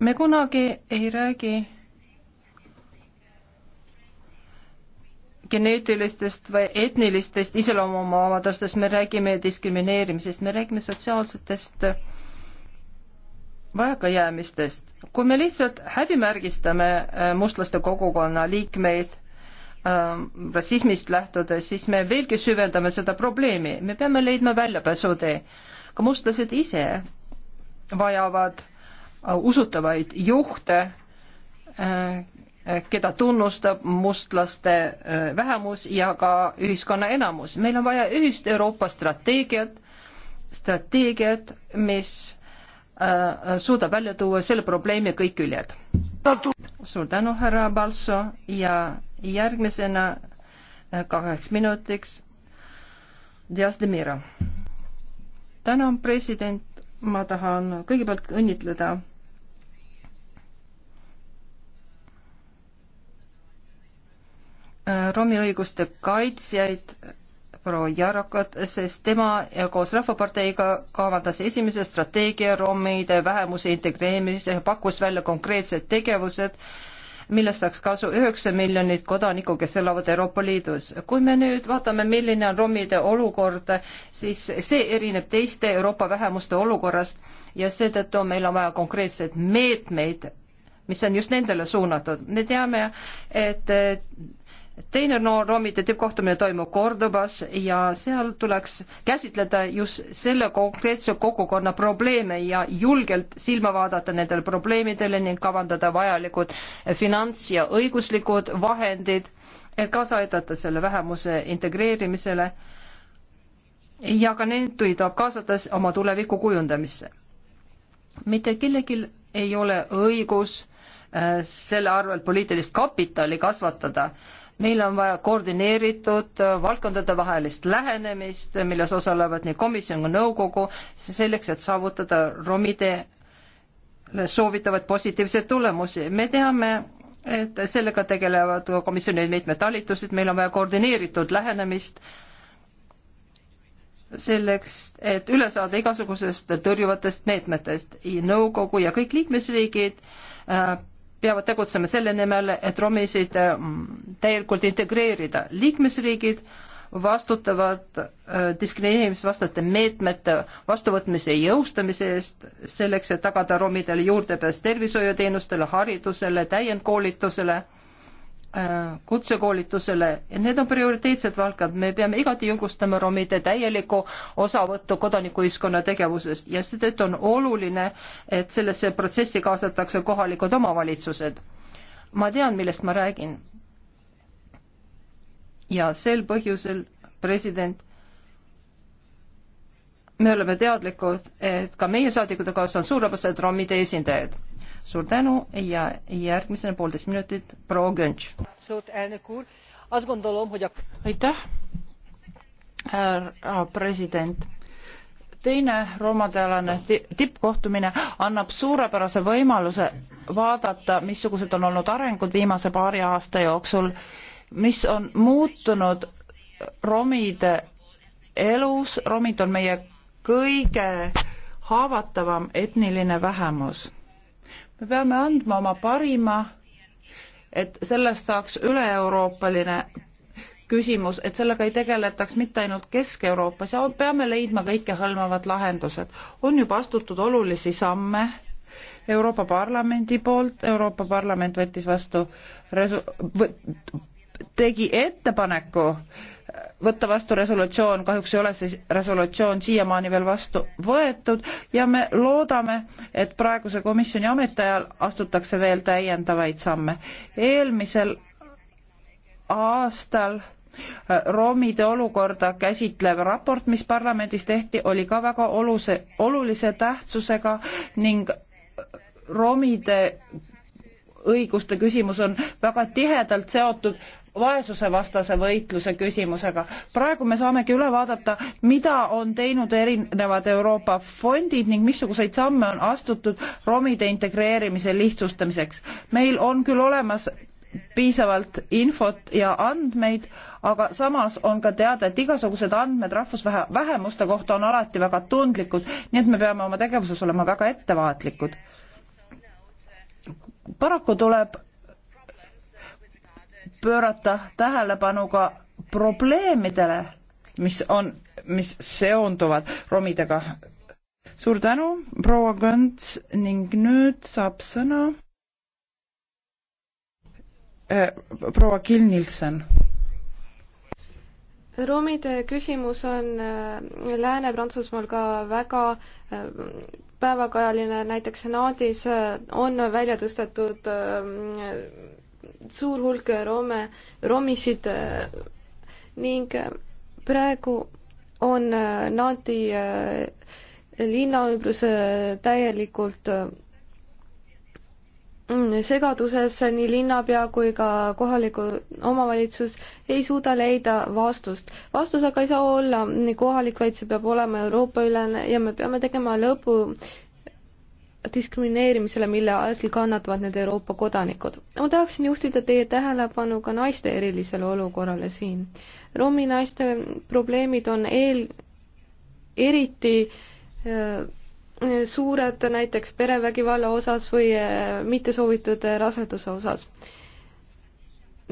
me kunagi ei räägi geneetilistest või etnilistest iseloomuomadustest, me räägime diskrimineerimisest, me räägime sotsiaalsetest vajakajäämistest kui me lihtsalt häbimärgistame äh, mustlaste kogukonna liikmeid äh, rassismist lähtudes, siis me veelgi süvendame seda probleemi, me peame leidma väljapääsutee. ka mustlased ise vajavad äh, usutavaid juhte äh,, äh keda tunnustab mustlaste äh, vähemus ja ka ühiskonna enamus. meil on vaja ühist Euroopa strateegiat, strateegiat, mis Äh, äh, suudab välja tuua selle probleemi kõik küljed. suur tänu, härra Balso ja järgmisena äh, kaheks minutiks Dias de Mira. tänan, president, ma tahan kõigepealt õnnitleda romiõiguste kaitsjaid proua Jarakat, sest tema ja koos Rahvaparteiga kavandas esimese strateegia romide vähemuse integreerimise ja pakkus välja konkreetsed tegevused, millest saaks kasu üheksa miljonit kodanikku, kes elavad Euroopa Liidus. kui me nüüd vaatame, milline on romide olukord, siis see erineb teiste Euroopa vähemuste olukorrast ja seetõttu meil on vaja konkreetseid meetmeid, mis on just nendele suunatud. me teame, et teine noorroomide tippkohtumine toimub Kordobas ja seal tuleks käsitleda just selle konkreetse kogukonna probleeme ja julgelt silma vaadata nendele probleemidele ning kavandada vajalikud finants- ja õiguslikud vahendid, et kaasa aidata selle vähemuse integreerimisele ja ka neid tuleb kaasata oma tuleviku kujundamisse. mitte kellelgi ei ole õigus äh, selle arvelt poliitilist kapitali kasvatada meil on vaja koordineeritud äh, valdkondadevahelist lähenemist, milles osalevad nii komisjon kui nõukogu, selleks, et saavutada romide äh, soovitavaid positiivseid tulemusi. me teame, et sellega tegelevad komisjoni mitmed talitused, meil on vaja koordineeritud lähenemist selleks, et üle saada igasugusest tõrjuvatest meetmetest. nõukogu ja kõik liikmesriigid äh, peavad tegutsema selle nimel, et romisid mm, täielikult integreerida. liikmesriigid vastutavad äh, diskrimineerimisvastaste meetmete vastuvõtmise ja jõustamise eest, selleks et tagada romidele juurdepääs tervishoiuteenustele, haridusele, täiendkoolitusele Äh, kutsekoolitusele ja need on prioriteetsed valdkond, me peame igati julgustama romide täielikku osavõttu kodanikuühiskonna tegevusest ja seetõttu on oluline, et sellesse protsessi kaasatakse kohalikud omavalitsused. ma tean, millest ma räägin. ja sel põhjusel president me oleme teadlikud, et ka meie saadikute kaasa on suurepärased romide esindajad suur tänu ja järgmisena poolteist minutit proua Gönš. aitäh, härra president teine roomadealane tippkohtumine annab suurepärase võimaluse vaadata, missugused on olnud arengud viimase paari aasta jooksul, mis on muutunud romide elus, romid on meie kõige haavatavam etniline vähemus me peame andma oma parima, et sellest saaks üle-euroopaline küsimus, et sellega ei tegeletaks mitte ainult Kesk-Euroopas ja peame leidma kõikehõlmavad lahendused. on juba astutud olulisi samme Euroopa Parlamendi poolt, Euroopa Parlament võttis vastu resu-, tegi ettepaneku äh, võtta vastu resolutsioon, kahjuks ei ole see resolutsioon siiamaani veel vastu võetud ja me loodame, et praeguse komisjoni ametiajal astutakse veel täiendavaid samme. eelmisel aastal äh, roomide olukorda käsitlev raport, mis parlamendis tehti, oli ka väga oluse, olulise tähtsusega ning äh, roomide õiguste küsimus on väga tihedalt seotud vaesusevastase võitluse küsimusega. praegu me saamegi üle vaadata, mida on teinud erinevad Euroopa fondid ning missuguseid samme on astutud romide integreerimise lihtsustamiseks. meil on küll olemas piisavalt infot ja andmeid, aga samas on ka teada, et igasugused andmed rahvusvähemuste kohta on alati väga tundlikud, nii et me peame oma tegevuses olema väga ettevaatlikud. paraku tuleb pöörata tähelepanu ka probleemidele, mis on, mis seonduvad romidega. suur tänu, proua Könts ning nüüd saab sõna äh, proua Kill Nilsen romide küsimus on äh, Lääne-Prantsusmaal ka väga äh, päevakajaline, näiteks senaadis on välja tõstetud suur hulk äh, roome, romisid äh, ning äh, praegu on Nandi linnaümbrus täielikult segaduses nii linnapea kui ka kohaliku omavalitsus ei suuda leida vastust. vastus aga ei saa olla nii kohalik, vaid see peab olema Euroopa ülene ja me peame tegema lõpu diskrimineerimisele, mille asil kannatavad need Euroopa kodanikud. ma tahaksin juhtida teie tähelepanu ka naiste erilisele olukorrale siin. romi naiste probleemid on eel, eriti äh, suured näiteks perevägivalla osas või äh, mittesoovitud raseduse osas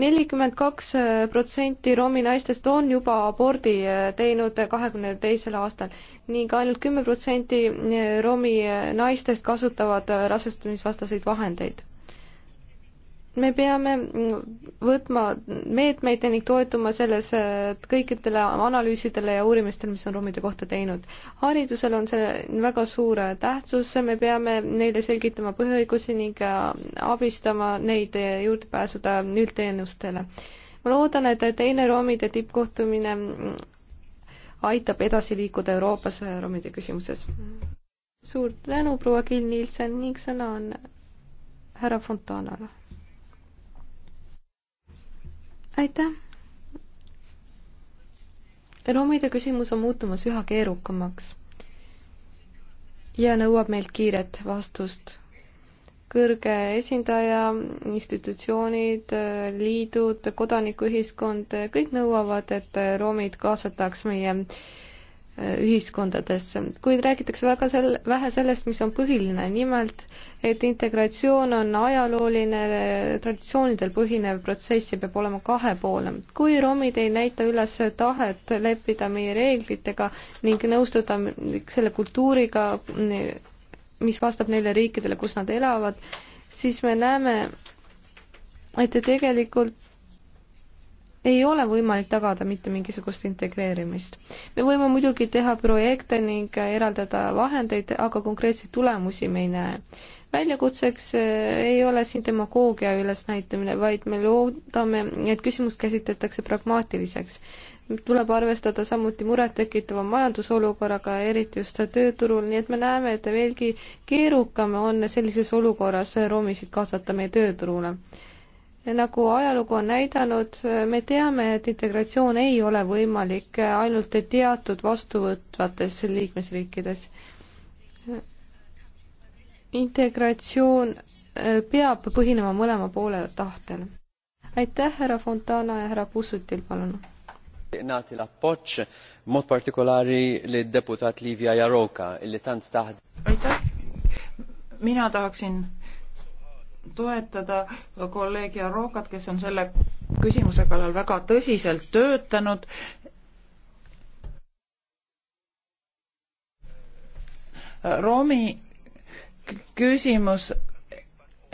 nelikümmend kaks protsenti romi naistest on juba abordi eh, teinud kahekümne teisel aastal ning ainult kümme protsenti eh, romi naistest kasutavad eh, rasestumisvastaseid vahendeid me peame võtma meetmeid ning toetuma selles kõikidele analüüsidele ja uurimistele, mis on ruumide kohta teinud. haridusel on see väga suur tähtsus, me peame neile selgitama põhiõigusi ning abistama neid juurdepääsuda üldteenustele. ma loodan, et teine roomide tippkohtumine aitab edasi liikuda Euroopas roomide küsimuses. suur tänu, proua Kill Nielsen ning sõna on härra Fontanale aitäh. romide küsimus on muutumas üha keerukamaks ja nõuab meilt kiiret vastust. kõrge esindaja, institutsioonid, liidud, kodanikuühiskond, kõik nõuavad, et romid kaasataks meie ühiskondades, kuid räägitakse väga sel-, vähe sellest, mis on põhiline, nimelt et integratsioon on ajalooline, traditsioonidel põhinev protsess ja peab olema kahepoolne. kui romid ei näita üles tahet leppida meie reeglitega ning nõustuda selle kultuuriga, mis vastab neile riikidele, kus nad elavad, siis me näeme, et tegelikult ei ole võimalik tagada mitte mingisugust integreerimist. me võime muidugi teha projekte ning eraldada vahendeid, aga konkreetseid tulemusi me ei näe. väljakutseks eh, ei ole siin demagoogia ülesnäitamine, vaid me loodame, et küsimust käsitletakse pragmaatiliseks. tuleb arvestada samuti murettekitava majandusolukorraga, eriti just tööturul, nii et me näeme, et veelgi keerukam on sellises olukorras romisid kaasata meie tööturule nagu ajalugu on näidanud, me teame, et integratsioon ei ole võimalik ainult teatud vastuvõtvates liikmesriikides. integratsioon eh, peab põhinema mõlema poole tahtel. aitäh, härra Fontana ja härra Pussutil, palun. Nati l-appoċ, mod partikolari li deputat Livia Jaroka, illi tant taħd. aitäh, mina tahaksin toetada kolleeg Jarokat, kes on selle küsimuse kallal väga tõsiselt töötanud. Romi küsimus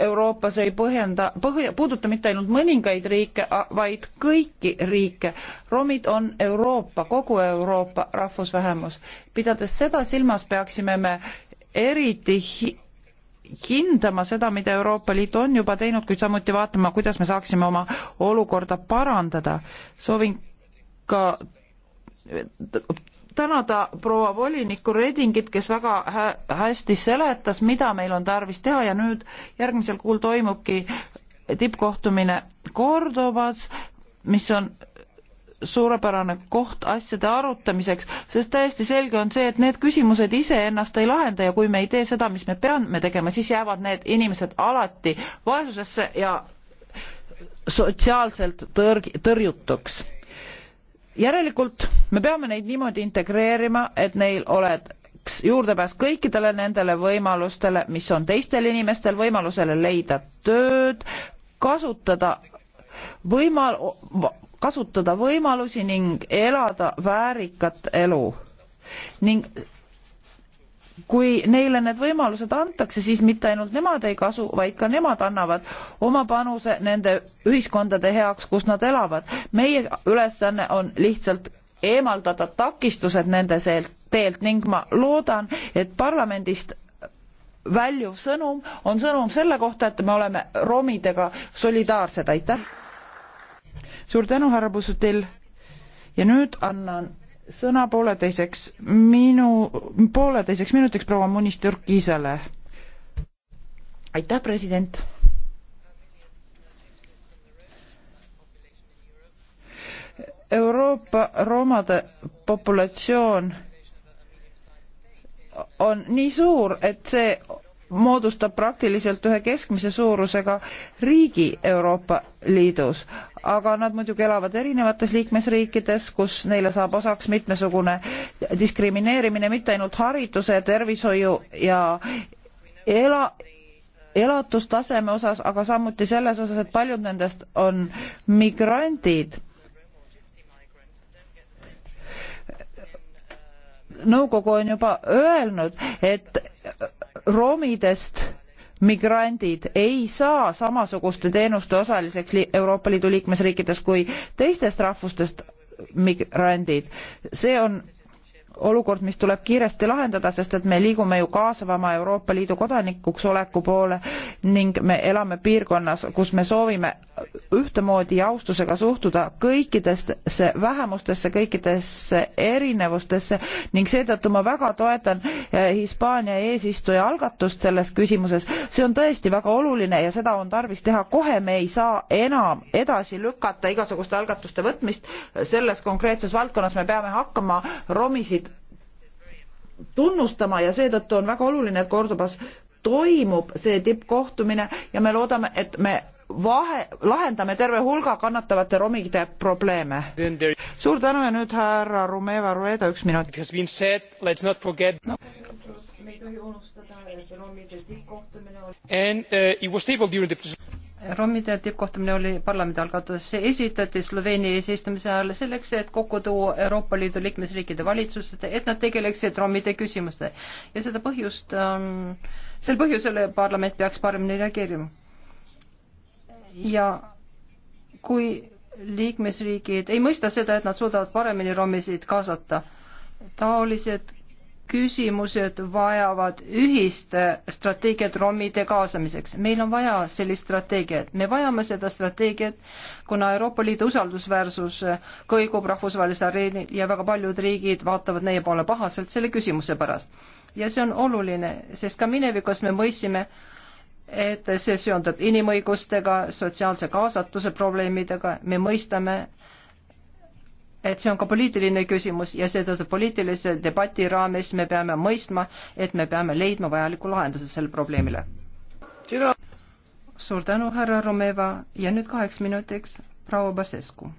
Euroopas ei põhjenda, põhja, puuduta mitte ainult mõningaid riike, vaid kõiki riike. romid on Euroopa, kogu Euroopa rahvusvähemus. pidades seda silmas, peaksime me eriti hindama seda, mida Euroopa Liit on juba teinud, kuid samuti vaatama, kuidas me saaksime oma olukorda parandada. soovin ka tänada proua volinikku Redingit, kes väga hä hästi seletas, mida meil on tarvis teha ja nüüd järgmisel kuul toimubki tippkohtumine Kordovas, mis on suurepärane koht asjade arutamiseks, sest täiesti selge on see, et need küsimused iseennast ei lahenda ja kui me ei tee seda, mis me peame tegema, siis jäävad need inimesed alati vaesusesse ja sotsiaalselt tõrg-, tõrjutuks. järelikult me peame neid niimoodi integreerima, et neil oleks juurdepääs kõikidele nendele võimalustele, mis on teistel inimestel, võimalusele leida tööd, kasutada võimal-, kasutada võimalusi ning elada väärikat elu. ning kui neile need võimalused antakse, siis mitte ainult nemad ei kasu, vaid ka nemad annavad oma panuse nende ühiskondade heaks, kus nad elavad. meie ülesanne on lihtsalt eemaldada takistused nende teelt ning ma loodan, et parlamendist väljuv sõnum on sõnum selle kohta, et me oleme romidega solidaarsed, aitäh! suur tänu, härra Pusutil. ja nüüd annan sõna pooleteiseks minu, pooleteiseks minutiks proua Munis Türkisele. aitäh, president. Euroopa roomade populatsioon on nii suur, et see moodustab praktiliselt ühe keskmise suurusega riigi Euroopa Liidus, aga nad muidugi elavad erinevates liikmesriikides, kus neile saab osaks mitmesugune diskrimineerimine, mitte ainult hariduse, tervishoiu ja ela-, elatustaseme osas, aga samuti selles osas, et paljud nendest on migrandid nõukogu on juba öelnud, et roomidest migrandid ei saa samasuguste teenuste osaliseks euroopa liidu liikmesriikides kui teistest rahvustest migrandid see on olukord, mis tuleb kiiresti lahendada, sest et me liigume ju kaasavama Euroopa Liidu kodanikuks oleku poole ning me elame piirkonnas, kus me soovime ühtemoodi ja austusega suhtuda kõikidesse vähemustesse, kõikidesse erinevustesse ning seetõttu ma väga toetan eh, Hispaania eesistuja algatust selles küsimuses. see on tõesti väga oluline ja seda on tarvis teha kohe, me ei saa enam edasi lükata igasuguste algatuste võtmist selles konkreetses valdkonnas, me peame hakkama romisid tunnustama ja seetõttu on väga oluline, et Kordobas toimub see tippkohtumine ja me loodame, et me vahe, lahendame terve hulga kannatavate romide probleeme. suur tänu ja nüüd härra Rumeva Rueda, üks minut. No, me ei tohi unustada, et romide tippkohtumine on. And uh, it was stable during the Romide tippkohtumine oli parlamendi algatus, see esitati Sloveenia eesistumise ajal selleks, et kokku tuua Euroopa Liidu liikmesriikide valitsused, et nad tegeleksid romide küsimuste ja seda põhjust on, sel põhjusel parlament peaks paremini reageerima. ja kui liikmesriigid ei mõista seda, et nad suudavad paremini romisid kaasata, taolised küsimused vajavad ühist strateegiat romide kaasamiseks. meil on vaja sellist strateegiat, me vajame seda strateegiat, kuna Euroopa Liidu usaldusväärsus kõigub rahvusvahelisel areenil ja väga paljud riigid vaatavad meie poole pahaselt selle küsimuse pärast. ja see on oluline, sest ka minevikus me mõistsime, et see seondub inimõigustega, sotsiaalse kaasatuse probleemidega, me mõistame, et see on ka poliitiline küsimus ja seetõttu poliitilise debati raames me peame mõistma, et me peame leidma vajaliku lahenduse sellele probleemile. suur tänu, härra Romeva ja nüüd kaheks minutiks proua Basescu.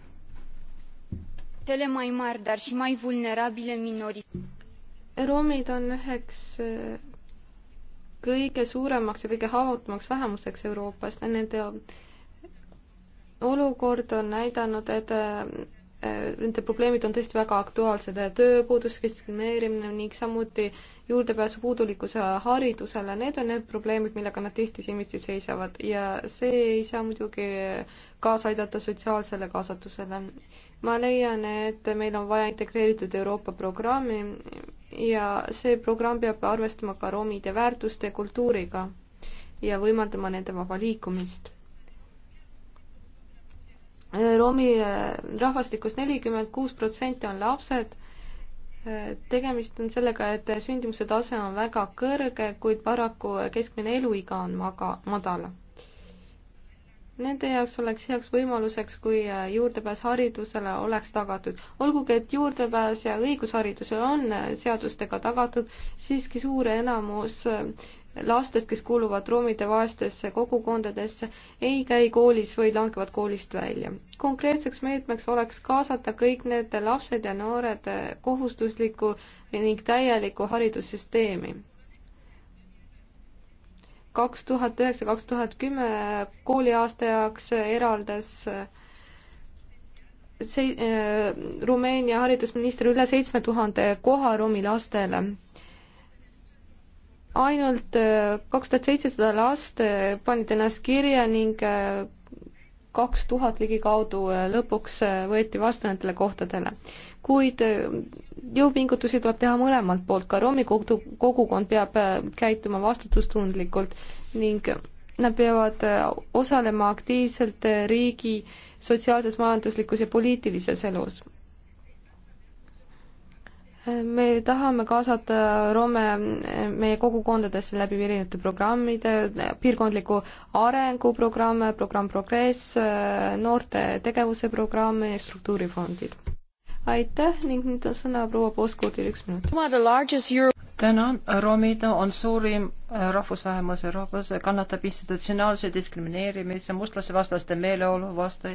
romid on üheks eh, kõige suuremaks ja kõige haavatavamaks vähemuseks Euroopas, nende olukord on näidanud, et eh, nende probleemid on tõesti väga aktuaalsed, tööpuudus, diskrimineerimine ning samuti juurdepääsu puudulikkuse haridusele, need on need probleemid, millega nad tihti silmitsi seisavad ja see ei saa muidugi kaasa aidata sotsiaalsele kaasatusele. ma leian, et meil on vaja integreeritud Euroopa programmi ja see programm peab arvestama ka romide väärtuste ja kultuuriga ja võimaldama nende vaba liikumist Romi eh, rahvastikust nelikümmend kuus protsenti on lapsed. Eh, tegemist on sellega, et sündimuse tase on väga kõrge, kuid paraku keskmine eluiga on maga, madal. Nende jaoks oleks heaks võimaluseks, kui eh, juurdepääs haridusele oleks tagatud. olgugi, et juurdepääs ja õigusharidusele on seadustega tagatud, siiski suur enamus lastest, kes kuuluvad roomide vaestesse kogukondadesse, ei käi koolis või langevad koolist välja. konkreetseks meetmeks oleks kaasata kõik need lapsed ja noored kohustusliku ning täieliku haridussüsteemi. kaks tuhat üheksa, kaks tuhat kümme kooliaasta jaoks eraldas see, Rumeenia haridusminister üle seitsme tuhande koha romi lastele ainult äh, kaks tuhat seitsesada last äh, panid ennast kirja ning äh, kaks tuhat ligikaudu lõpuks võeti vastu nendele kohtadele. kuid jõupingutusi tuleb teha mõlemalt poolt, ka romi kogukond peab käituma vastutustundlikult ning nad peavad osalema aktiivselt riigi sotsiaalses, majanduslikus ja poliitilises elus me tahame kaasata Roome meie kogukondadesse läbi erinevate programmide, piirkondliku arenguprogramme, programm Progress, noorte tegevuse programme ja struktuurifondid aitäh ning nüüd on sõna proua Postkoodil üks minut tänan, romid on suurim äh, rahvusvähemus Euroopas, kannatab institutsionaalse diskrimineerimise, mustlaste vastaste meeleolu vastu,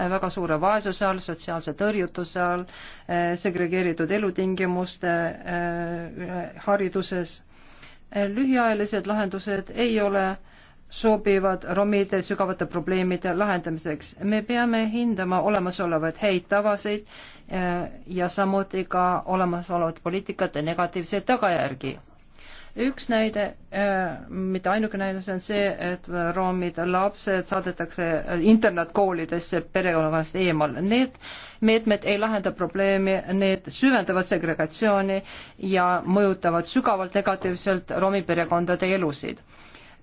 äh, väga suure vaesuse all, sotsiaalse tõrjutuse all, äh, segregeeritud elutingimuste hariduses. lühiajalised lahendused ei ole äh, sobivad romide sügavate probleemide lahendamiseks. me peame hindama olemasolevaid häid tavasid eh, ja samuti ka olemasolevate poliitikate negatiivseid tagajärgi. üks näide, eh, mitte ainuke näide, see on see, et romide lapsed saadetakse eh, internaatkoolidesse perekonnast eemal. Need meetmed ei lahenda probleemi, need süvendavad segregatsiooni ja mõjutavad sügavalt negatiivselt romi perekondade elusid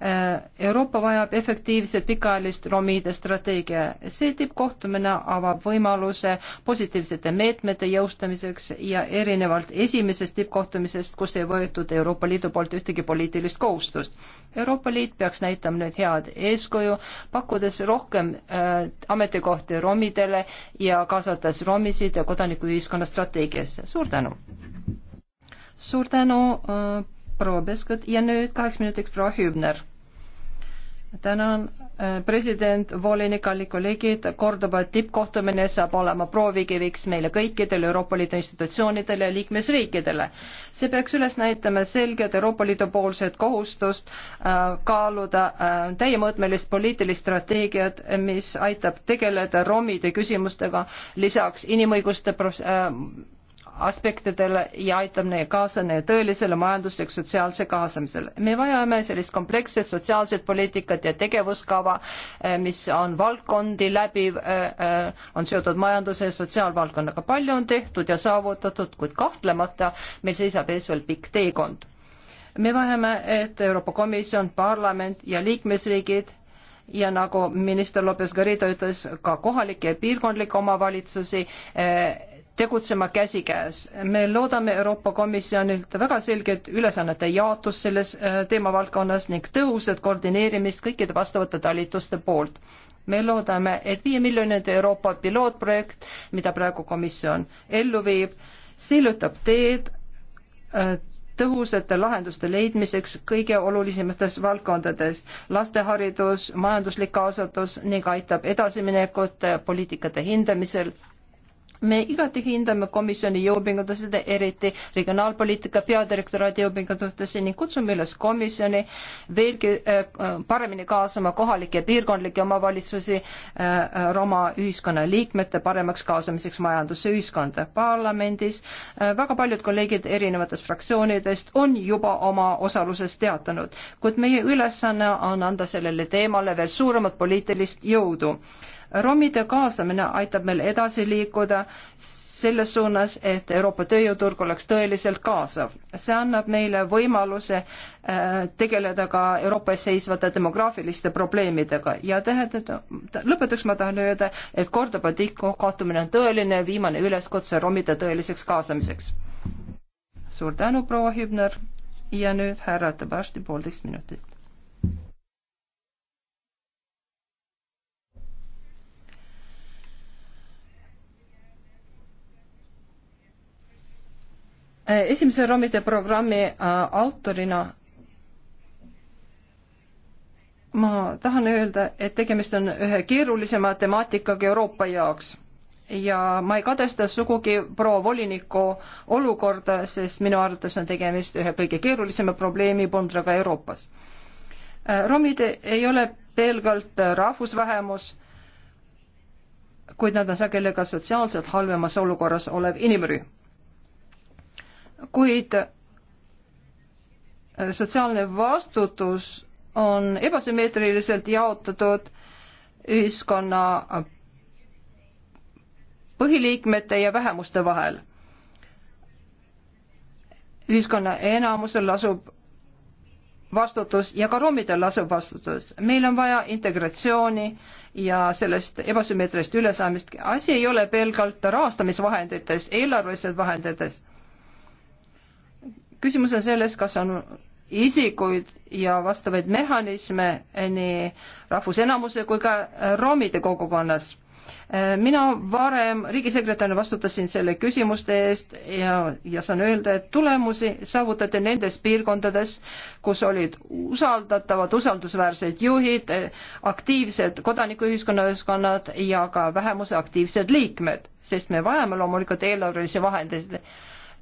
Äh, Euroopa vajab efektiivset pikaajalist romiide strateegia. see tippkohtumine avab võimaluse positiivsete meetmete jõustamiseks ja erinevalt esimesest tippkohtumisest, kus ei võetud Euroopa Liidu poolt ühtegi poliitilist kohustust. Euroopa Liit peaks näitama nüüd head eeskuju, pakkudes rohkem äh, ametikohti romidele ja kaasates romisid kodanikuühiskonna strateegiasse. suur tänu! suur tänu äh, proua Peskot ja nüüd kaheks minutiks proua Hübner tänan, äh, president, volinik, kallid kolleegid, Cordoba tippkohtumine saab olema proovikiviks meile kõikidele Euroopa Liidu institutsioonidele ja liikmesriikidele. see peaks üles näitama selget Euroopa Liidu poolset kohustust äh, kaaluda äh, täiemõõtmelist poliitilist strateegiat, mis aitab tegeleda romide küsimustega, lisaks inimõiguste äh, aspektidele ja aitab neil kaasa neie tõelisele majanduslik sotsiaalse kaasamisele. me vajame sellist kompleksset sotsiaalset poliitikat ja tegevuskava, eh, mis on valdkondi läbiv, eh, eh, on seotud majanduse ja sotsiaalvaldkonnaga. palju on tehtud ja saavutatud, kuid kahtlemata meil seisab ees veel pikk teekond. me vajame, et Euroopa Komisjon, parlament ja liikmesriigid ja nagu minister Lopez Garrido ütles, ka kohalikke ja piirkondlikke omavalitsusi eh, tegutsema käsikäes. me loodame Euroopa Komisjonilt väga selget ülesannete jaotust selles äh, teemavaldkonnas ning tõhusat koordineerimist kõikide vastavate talituste poolt. me loodame, et viie miljonite Euroopa pilootprojekt, mida praegu komisjon ellu viib, sillutab teed äh, tõhusate lahenduste leidmiseks kõige olulisemates valdkondades – lasteharidus, majanduslik kaasatus ning aitab edasiminekut poliitikate hindamisel me igati hindame komisjoni jõupingutused, eriti regionaalpoliitika peadirektoraadi jõupingutusi ning kutsume üles komisjoni veelgi äh, paremini kaasama kohalikke ja piirkondlikke omavalitsusi äh, Roma ühiskonna liikmete paremaks kaasamiseks majandusse ühiskonda. parlamendis äh, väga paljud kolleegid erinevatest fraktsioonidest on juba oma osalusest teatanud, kuid meie ülesanne on anda sellele teemale veel suuremat poliitilist jõudu romide kaasamine aitab meil edasi liikuda selles suunas, et Euroopa tööjõuturg oleks tõeliselt kaasav. see annab meile võimaluse äh, tegeleda ka Euroopa ees seisvate demograafiliste probleemidega ja tähendab, lõpetuseks ma tahan öelda, et Cordoba tippkohtumine on tõeline viimane üleskutse romide tõeliseks kaasamiseks. suur tänu, proua Hübner ja nüüd härra Tabasti poolteist minutit Äh, esimese ROMide programmi äh, autorina ma tahan öelda, et tegemist on ühe keerulisema temaatikaga Euroopa jaoks ja ma ei kadesta sugugi proua voliniku olukorda, sest minu arvates on tegemist ühe kõige keerulisema probleemi pundraga Euroopas. Äh, romid ei ole pelgalt rahvusvähemus, kuid nad on sageli ka sotsiaalselt halvemas olukorras olev inimrühm kuid äh, sotsiaalne vastutus on ebasümmeetriliselt jaotatud ühiskonna äh, põhiliikmete ja vähemuste vahel. ühiskonna enamusel lasub vastutus ja ka ruumidel lasub vastutus. meil on vaja integratsiooni ja sellest ebasümmeetriast ülesaamist. asi ei ole pelgalt rahastamisvahendites, eelarvelistes vahendites küsimus on selles, kas on isikuid ja vastavaid mehhanisme nii rahvusenamuse kui ka roomide kogukonnas mina varem riigisekretärina vastutasin selle küsimuste eest ja, ja saan öelda, et tulemusi saavutati nendes piirkondades, kus olid usaldatavad, usaldusväärsed juhid, aktiivsed kodanikuühiskonna ühiskonnad ja ka vähemuse aktiivsed liikmed, sest me vajame loomulikult eelarvelisi vahendeid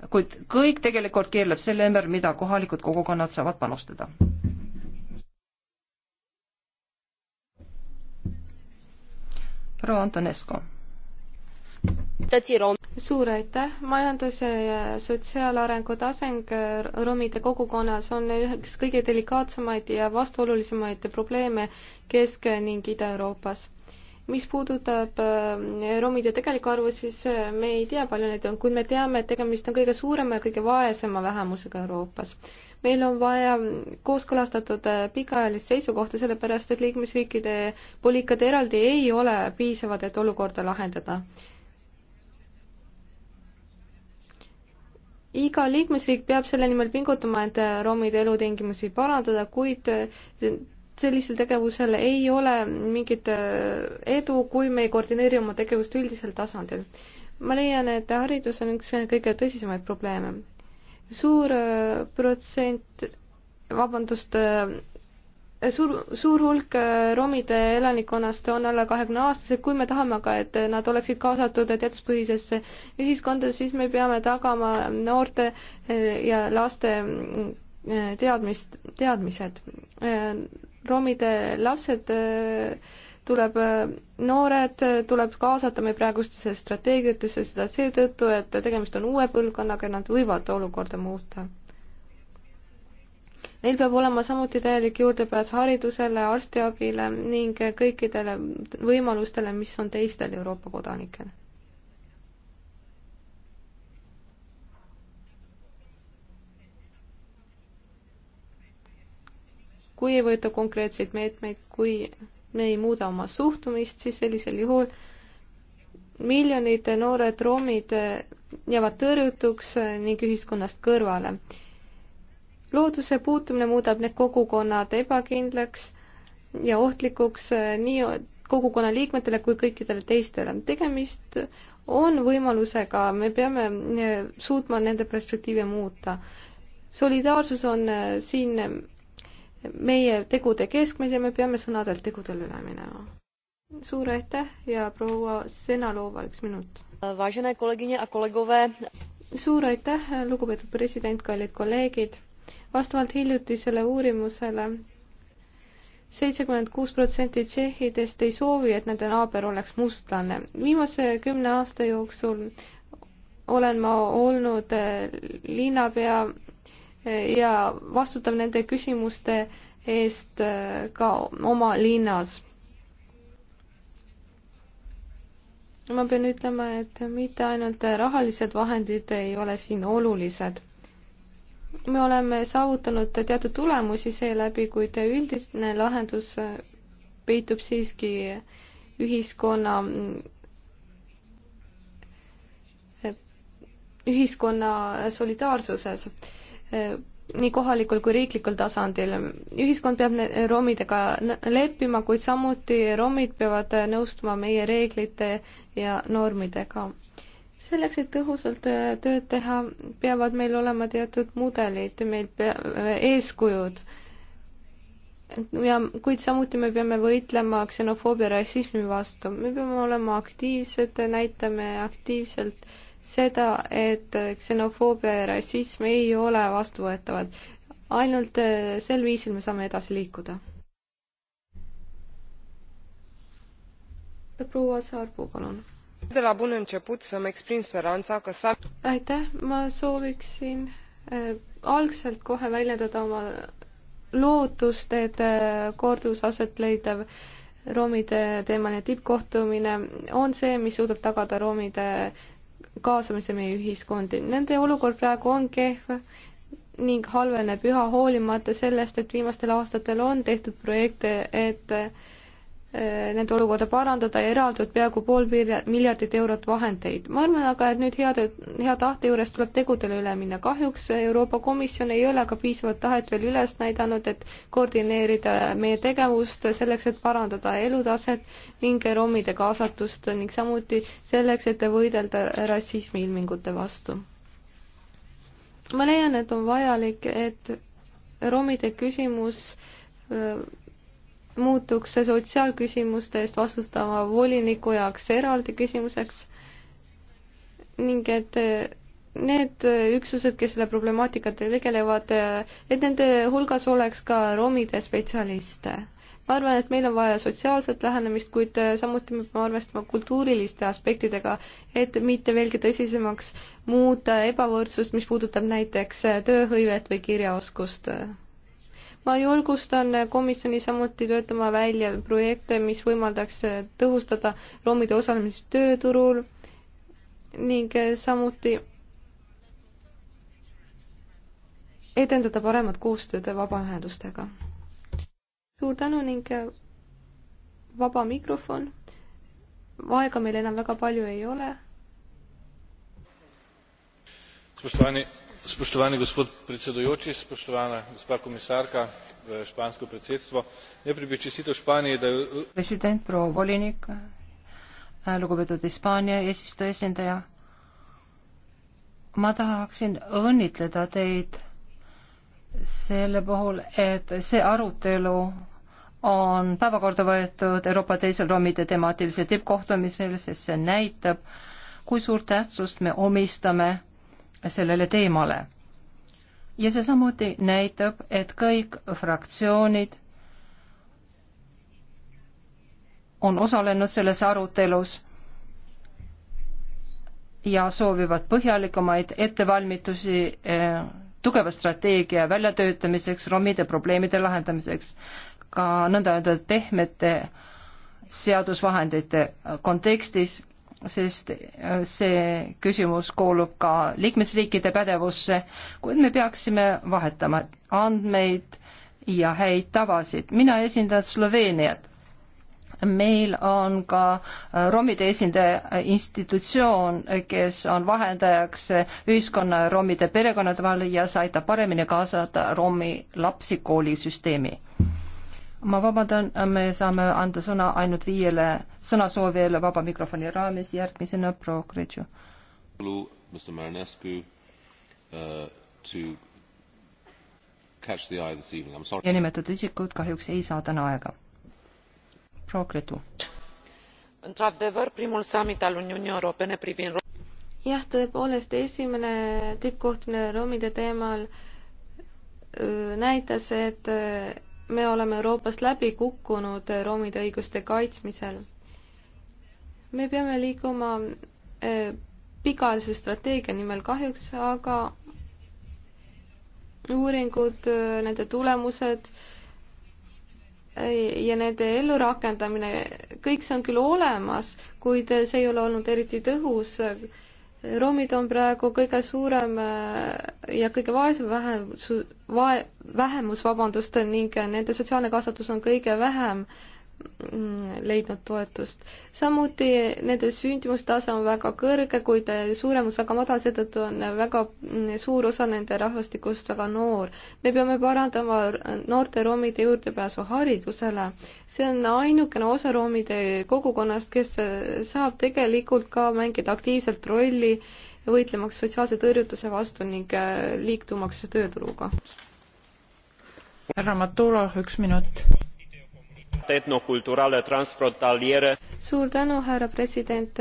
kuid kõik tegelikult keerleb selle ümber, mida kohalikud kogukonnad saavad panustada. proua Antonescu. suur aitäh, majanduse ja sotsiaalarengu taseng romide kogukonnas on üks kõige delikaatsemaid ja vastuolulisemaid probleeme Kesk- ning Ida-Euroopas mis puudutab äh, romide tegelikku arvu, siis äh, me ei tea, palju neid on, kuid me teame, et tegemist on kõige suurema ja kõige vaesema vähemusega Euroopas. meil on vaja kooskõlastatud äh, pikaajalist seisukohta, sellepärast et liikmesriikide poliitikad eraldi ei ole piisavad, et olukorda lahendada. iga liikmesriik peab selle nimel pingutama, et romide elutingimusi parandada, kuid sellisel tegevusel ei ole mingit äh, edu, kui me ei koordineeri oma tegevust üldisel tasandil. ma leian, et haridus on üks kõige tõsisemaid probleeme. suur äh, protsent, vabandust, äh, suur, suur hulk romide elanikkonnast on alla kahekümne aastased, kui me tahame aga, et nad oleksid kaasatud teaduspõhisesse ühiskonda, siis me peame tagama noorte ja laste mm, teadmist, teadmised romide lapsed äh, tuleb, äh, noored äh, tuleb kaasata meie praegustesse strateegiatesse, seda seetõttu, et tegemist on uue põlvkonnaga ja nad võivad olukorda muuta. Neil peab olema samuti täielik juurdepääs haridusele, arstiabile ning kõikidele võimalustele, mis on teistel Euroopa kodanikel. kui ei võeta konkreetseid meetmeid, kui me ei muuda oma suhtumist, siis sellisel juhul miljonid noored roomid jäävad tõrjutuks ning ühiskonnast kõrvale. looduse puutumine muudab need kogukonnad ebakindlaks ja ohtlikuks nii kogukonna liikmetele kui kõikidele teistele. tegemist on võimalusega, me peame eh, suutma nende perspektiive muuta. solidaarsus on eh, siin meie tegude keskmes ja me peame sõnadelt tegudele üle minema. suur aitäh ja proua Senalova, üks minut. Vážené kolegyne a kolegové. suur aitäh, lugupeetud president, kallid kolleegid. vastavalt hiljutisele uurimusele seitsekümmend kuus protsenti tšehhidest ei soovi, et nende naaber oleks mustlane. viimase kümne aasta jooksul olen ma olnud eh, linnapea ja vastutab nende küsimuste eest äh, ka oma linnas. ma pean ütlema, et mitte ainult rahalised vahendid ei ole siin olulised me oleme saavutanud teatud tulemusi seeläbi, kuid üldine lahendus peitub siiski ühiskonna, ühiskonna solidaarsuses. Äh, nii kohalikul kui riiklikul tasandil. ühiskond peab romidega leppima, kuid samuti romid peavad nõustuma meie reeglite ja normidega. selleks, et tõhusalt äh, tööd teha, peavad meil olema teatud mudelid, meil pea-, äh, eeskujud. ja kuid samuti me peame võitlema ksenofoobia, rassismi vastu. me peame olema aktiivsed, näitame aktiivselt äh, seda, et ksenofoobia ja rassism ei ole vastuvõetavad. ainult äh, sel viisil me saame edasi liikuda. proua Saarpuu, palun. de la bun început să-mi exprim speranța că sa-... aitäh, ma sooviksin äh, algselt kohe väljendada oma lootust, et äh, Kordus aset leidev äh, roomide teemaline tippkohtumine on see, mis suudab tagada roomide kaasamise meie ühiskondi. Nende olukord praegu on kehv ning halveneb üha hoolimata sellest, et viimastel aastatel on tehtud projekte, et Äh, nende olukorda parandada ja eraldud peaaegu pool miljardit eurot vahendeid. ma arvan aga, et nüüd heade, hea tahte juures tuleb tegudele üle minna. kahjuks Euroopa Komisjon ei ole aga piisavat tahet veel üles näidanud, et koordineerida meie tegevust selleks, et parandada elutaset ning romide kaasatust ning samuti selleks, et võidelda rassismi ilmingute vastu. ma leian, et on vajalik, et romide küsimus äh, muutuks see sotsiaalküsimuste eest vastustava voliniku jaoks eraldi küsimuseks ning et äh, need äh, üksused, kes selle problemaatikaga tegelevad, äh, et nende hulgas oleks ka romide spetsialiste. ma arvan, et meil on vaja sotsiaalset lähenemist, kuid samuti me peame arvestama kultuuriliste aspektidega, et mitte veelgi tõsisemaks muuta ebavõrdsust, mis puudutab näiteks tööhõivet või kirjaoskust ma julgustan komisjoni samuti töötama välja projekte, mis võimaldaks tõhustada loomide osalemist tööturul ning samuti edendada paremat koostööd vabaühendustega. suur tänu ning vaba mikrofon. aega meil enam väga palju ei ole spoštovani gospod predsedujoči spoštovana gospa komisarka špansko predsedstvo najprej bi čestital španiji da je president proua volinik eh, lugupeetud hispaania eesistuja esindaja ma tahaksin õnnitleda teid selle puhul et see arutelu on päevakorda võetud Euroopa teisel romide temaatilisel tippkohtumisel sest see näitab kui suurt tähtsust me omistame sellele teemale. ja see samuti näitab, et kõik fraktsioonid on osalenud selles arutelus ja soovivad põhjalikumaid ettevalmitusi eh, tugeva strateegia väljatöötamiseks, romide probleemide lahendamiseks, ka nõnda-öelda pehmete seadusvahendite kontekstis sest äh, see küsimus kuulub ka liikmesriikide pädevusse, kuid me peaksime vahetama andmeid ja häid tavasid. mina esindan Sloveeniat. meil on ka äh, romide esindaja äh, institutsioon, kes on vahendajaks ühiskonna ja romide perekonnade vahel ja see aitab paremini kaasata romi lapsi koolisüsteemi ma vabandan, me saame anda sõna ainult viiele sõnasoovijale vaba mikrofoni raames, järgmisena proua Kretšu. Mr Marinescu uh, to catch the eye this evening. I'm sorry. ja nimetatud isikud kahjuks ei saa täna aega. proua Gretu. jah, tõepoolest esimene tippkohtumine romide teemal uh, näitas, et uh, me oleme Euroopast läbi kukkunud roomide õiguste kaitsmisel. me peame liikuma eh, pikaajalise strateegia nimel kahjuks, aga uuringud, eh, nende tulemused eh, ja nende ellurakendamine, kõik see on küll olemas, kuid see ei ole olnud eriti tõhus romid on praegu kõige suurem äh, ja kõige vaesem vähemus, vae-, vähemus, vabandust, ning nende sotsiaalne kaasatus on kõige vähem Mm, leidnud toetust. samuti nende sündimustase on väga kõrge, kuid suuremus väga madal, seetõttu on väga mm, suur osa nende rahvastikust väga noor. me peame parandama noorte roomide juurdepääsu haridusele. see on ainukene osa roomide kogukonnast, kes saab tegelikult ka mängida aktiivselt rolli võitlemaks sotsiaalse tõrjutuse vastu ning äh, liitumaks tööturuga. härra Matula, üks minut etnokulturaală transfrontalieră. suur tänu, härra president.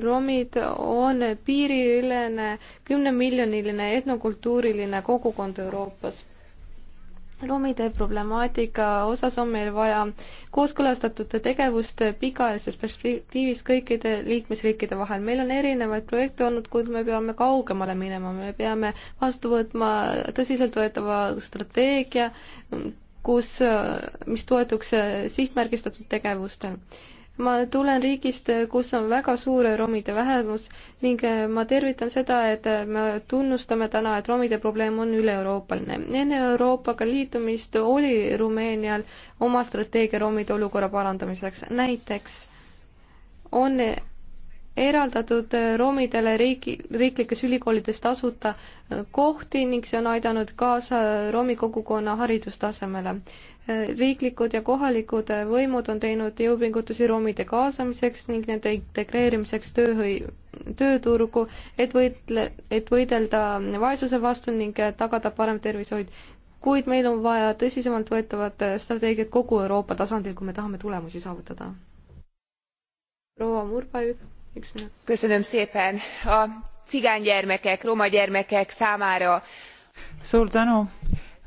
romid on piiriülene kümnemiljoniline etnokultuuriline kogukond Euroopas romide problemaatika osas on meil vaja kooskõlastatud tegevust pikaajalises perspektiivis kõikide liikmesriikide vahel. meil on erinevaid projekte olnud, kuid me peame kaugemale minema, me peame vastu võtma tõsiseltvõetava strateegia, kus, mis toetuks sihtmärgistatud tegevustel. ma tulen riigist, kus on väga suur romide vähemus ning ma tervitan seda, et me tunnustame täna, et romide probleem on üle-euroopaline. enne Euroopaga liitumist oli Rumeenial oma strateegia romide olukorra parandamiseks, näiteks on eraldatud äh, romidele riigi, riiklikes ülikoolides tasuta äh, kohti ning see on aidanud kaasa äh, romi kogukonna haridustasemele. riiklikud ja kohalikud võimud on teinud jõupingutusi romide kaasamiseks ning nende integreerimiseks tööhõi-, tööturgu, et võitle, et võidelda mm, vaesuse vastu ning tagada parem tervishoid. kuid meil on vaja tõsisemalt võetavat strateegiat kogu Euroopa tasandil, kui me tahame tulemusi saavutada. proua Murpaju a cigánygyermekek roma gyermekek számára. suur tänu!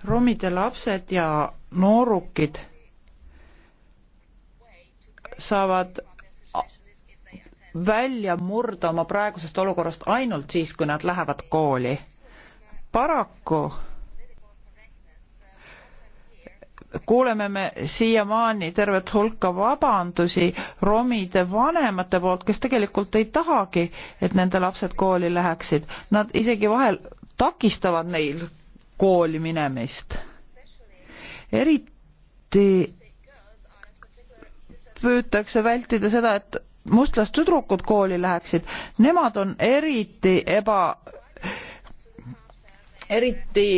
romide lapsed ja noorukid saavad välja murda oma praegusest olukorrast ainult siis kui nad lähevad kooli. paraku kuuleme me siiamaani tervet hulka vabandusi romide vanemate poolt, kes tegelikult ei tahagi, et nende lapsed kooli läheksid. Nad isegi vahel takistavad neil kooli minemist. eriti püütakse vältida seda, et mustlast tüdrukud kooli läheksid, nemad on eriti eba, eriti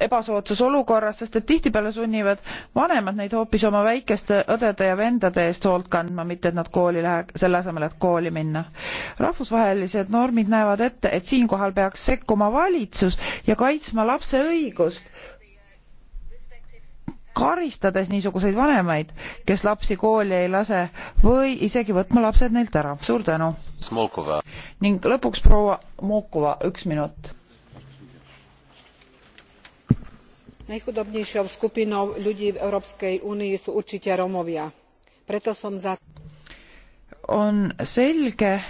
ebasoodsas olukorras sest et tihtipeale sunnivad vanemad neid hoopis oma väikeste õdede ja vendade eest hoolt kandma mitte et nad kooli lähe- selle asemel et kooli minna rahvusvahelised normid näevad ette et siinkohal peaks sekkuma valitsus ja kaitsma lapse õigust karistades niisuguseid vanemaid kes lapsi kooli ei lase või isegi võtma lapsed neilt ära suur tänu Smolkova. ning lõpuks proua Mokova üks minut najchudobnejšou skupinou ľudí v európskej únii sú určite rómovia. preto som za. on selge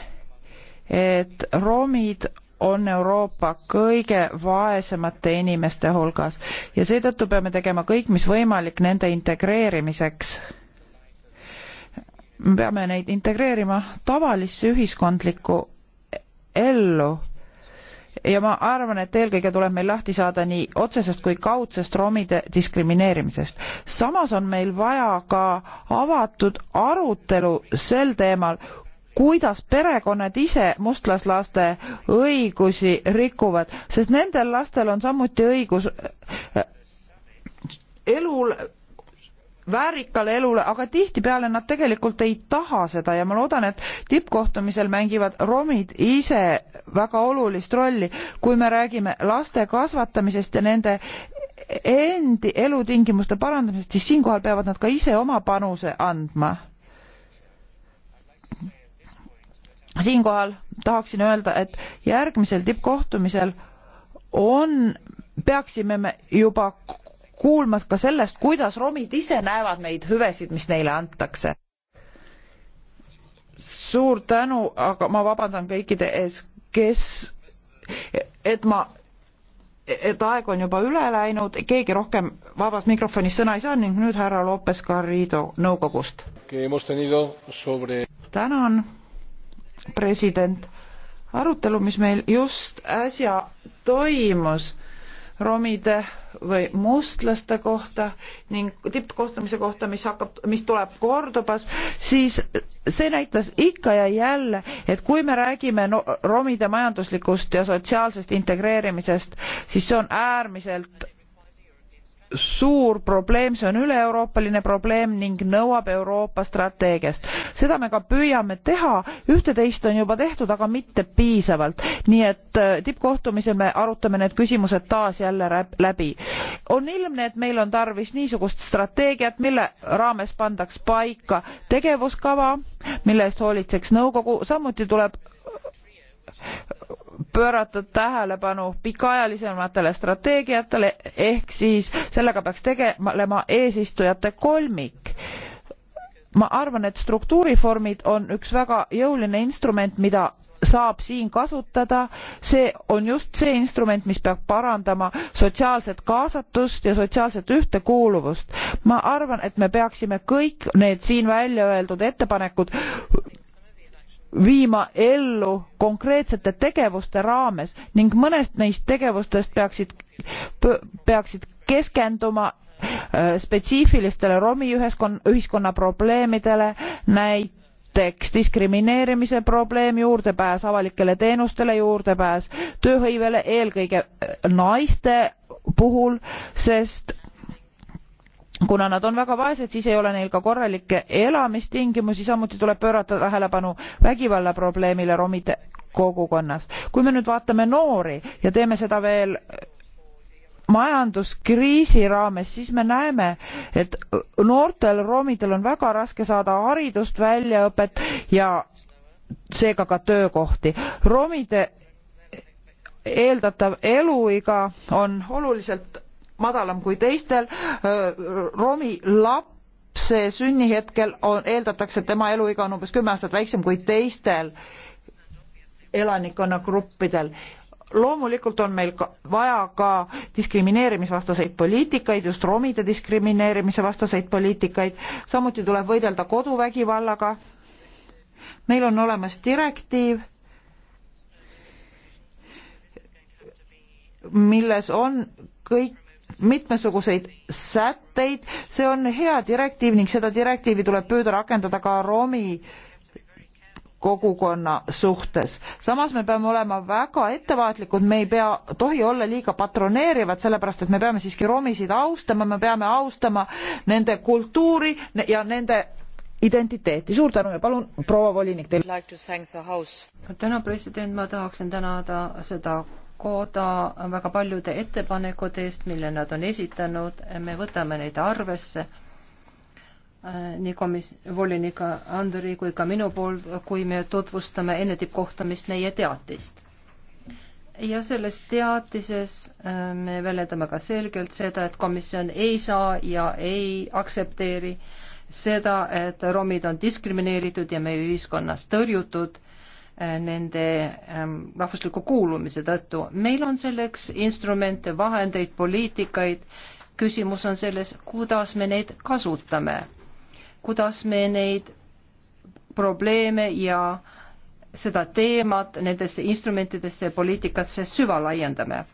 et roomid on Euroopa kõige vaesemate inimeste hulgas ja seetõttu peame tegema kõik, mis võimalik nende integreerimiseks. me peame neid integreerima tavalisse ühiskondlikku ellu ja ma arvan, et eelkõige tuleb meil lahti saada nii otsesest kui kaudsest romide diskrimineerimisest. samas on meil vaja ka avatud arutelu sel teemal, kuidas perekonnad ise mustlaslaste õigusi rikuvad, sest nendel lastel on samuti õigus äh, äh, elul väärikale elule, aga tihtipeale nad tegelikult ei taha seda ja ma loodan, et tippkohtumisel mängivad romid ise väga olulist rolli, kui me räägime laste kasvatamisest ja nende endi elutingimuste parandamisest, siis siinkohal peavad nad ka ise oma panuse andma. siinkohal tahaksin öelda, et järgmisel tippkohtumisel on, peaksime me juba kuulma ka sellest, kuidas romid ise näevad neid hüvesid, mis neile antakse. suur tänu, aga ma vabandan kõikide ees, kes, et ma, et aeg on juba üle läinud, keegi rohkem vabas mikrofonis sõna ei saa ning nüüd härra Lopes Garrido nõukogust. Sobre... tänan, president. arutelu, mis meil just äsja toimus romide või mustlaste kohta ning tippkohtumise kohta, mis hakkab, mis tuleb Kordobas, siis see näitas ikka ja jälle, et kui me räägime no, romide majanduslikust ja sotsiaalsest integreerimisest, siis see on äärmiselt suur probleem, see on üle-euroopaline probleem ning nõuab Euroopa strateegiast seda me ka püüame teha, ühte-teist on juba tehtud, aga mitte piisavalt. nii et äh, tippkohtumisel me arutame need küsimused taas jälle läbi. on ilmne, et meil on tarvis niisugust strateegiat, mille raames pandaks paika tegevuskava, mille eest hoolitseks nõukogu, samuti tuleb äh, pöörata tähelepanu pikaajalisematele strateegiatele ehk siis sellega peaks tegelema eesistujate kolmik ma arvan et struktuurifondid on üks väga jõuline instrument mida saab siin kasutada see on just see instrument mis peab parandama sotsiaalset kaasatust ja sotsiaalset ühtekuuluvust ma arvan et me peaksime kõik need siin välja öeldud ettepanekud viima ellu konkreetsete tegevuste raames ning mõnest neist tegevustest peaksid peaksid keskenduma äh, spetsiifilistele romi ühiskonna probleemidele näiteks diskrimineerimise probleem juurdepääs avalikele teenustele juurdepääs tööhõivele eelkõige äh, naiste puhul sest kuna nad on väga vaesed, siis ei ole neil ka korralikke elamistingimusi, samuti tuleb pöörata tähelepanu vägivalla probleemile romide kogukonnas. kui me nüüd vaatame noori ja teeme seda veel majanduskriisi raames, siis me näeme, et noortel romidel on väga raske saada haridust, väljaõpet ja seega ka töökohti. romide eeldatav eluiga on oluliselt madalam kui teistel. romi lapse sünnihetkel on, eeldatakse, et tema eluiga on umbes kümme aastat väiksem kui teistel elanikkonnagruppidel loomulikult on meil ka vaja ka diskrimineerimisvastaseid poliitikaid, just romide diskrimineerimise vastaseid poliitikaid, samuti tuleb võidelda koduvägivallaga. meil on olemas direktiiv, milles on kõik mitmesuguseid sätteid, see on hea direktiiv ning seda direktiivi tuleb püüda rakendada ka Romi kogukonna suhtes. samas me peame olema väga ettevaatlikud, me ei pea, tohi olla liiga patroneerivad, sellepärast et me peame siiski romisid austama, me peame austama nende kultuuri ja nende identiteeti. suur tänu ja palun, proua volinik, teile like. täna president, ma tahaksin tänada seda koda väga paljude ettepanekute eest, mille nad on esitanud, me võtame neid arvesse äh, nii komis-, volinik Andri kui ka minu pool, kui me tutvustame enne tippkohtumist meie teatist. ja selles teatises äh, me väljendame ka selgelt seda, et komisjon ei saa ja ei aktsepteeri seda, et romid on diskrimineeritud ja meie ühiskonnas tõrjutud Äh, nende ähm, rahvusliku kuulumise tõttu. meil on selleks instrumente, vahendeid, poliitikaid, küsimus on selles, kuidas me neid kasutame, kuidas me neid probleeme ja seda teemat nendesse instrumentidesse ja poliitikasse süvalaiendame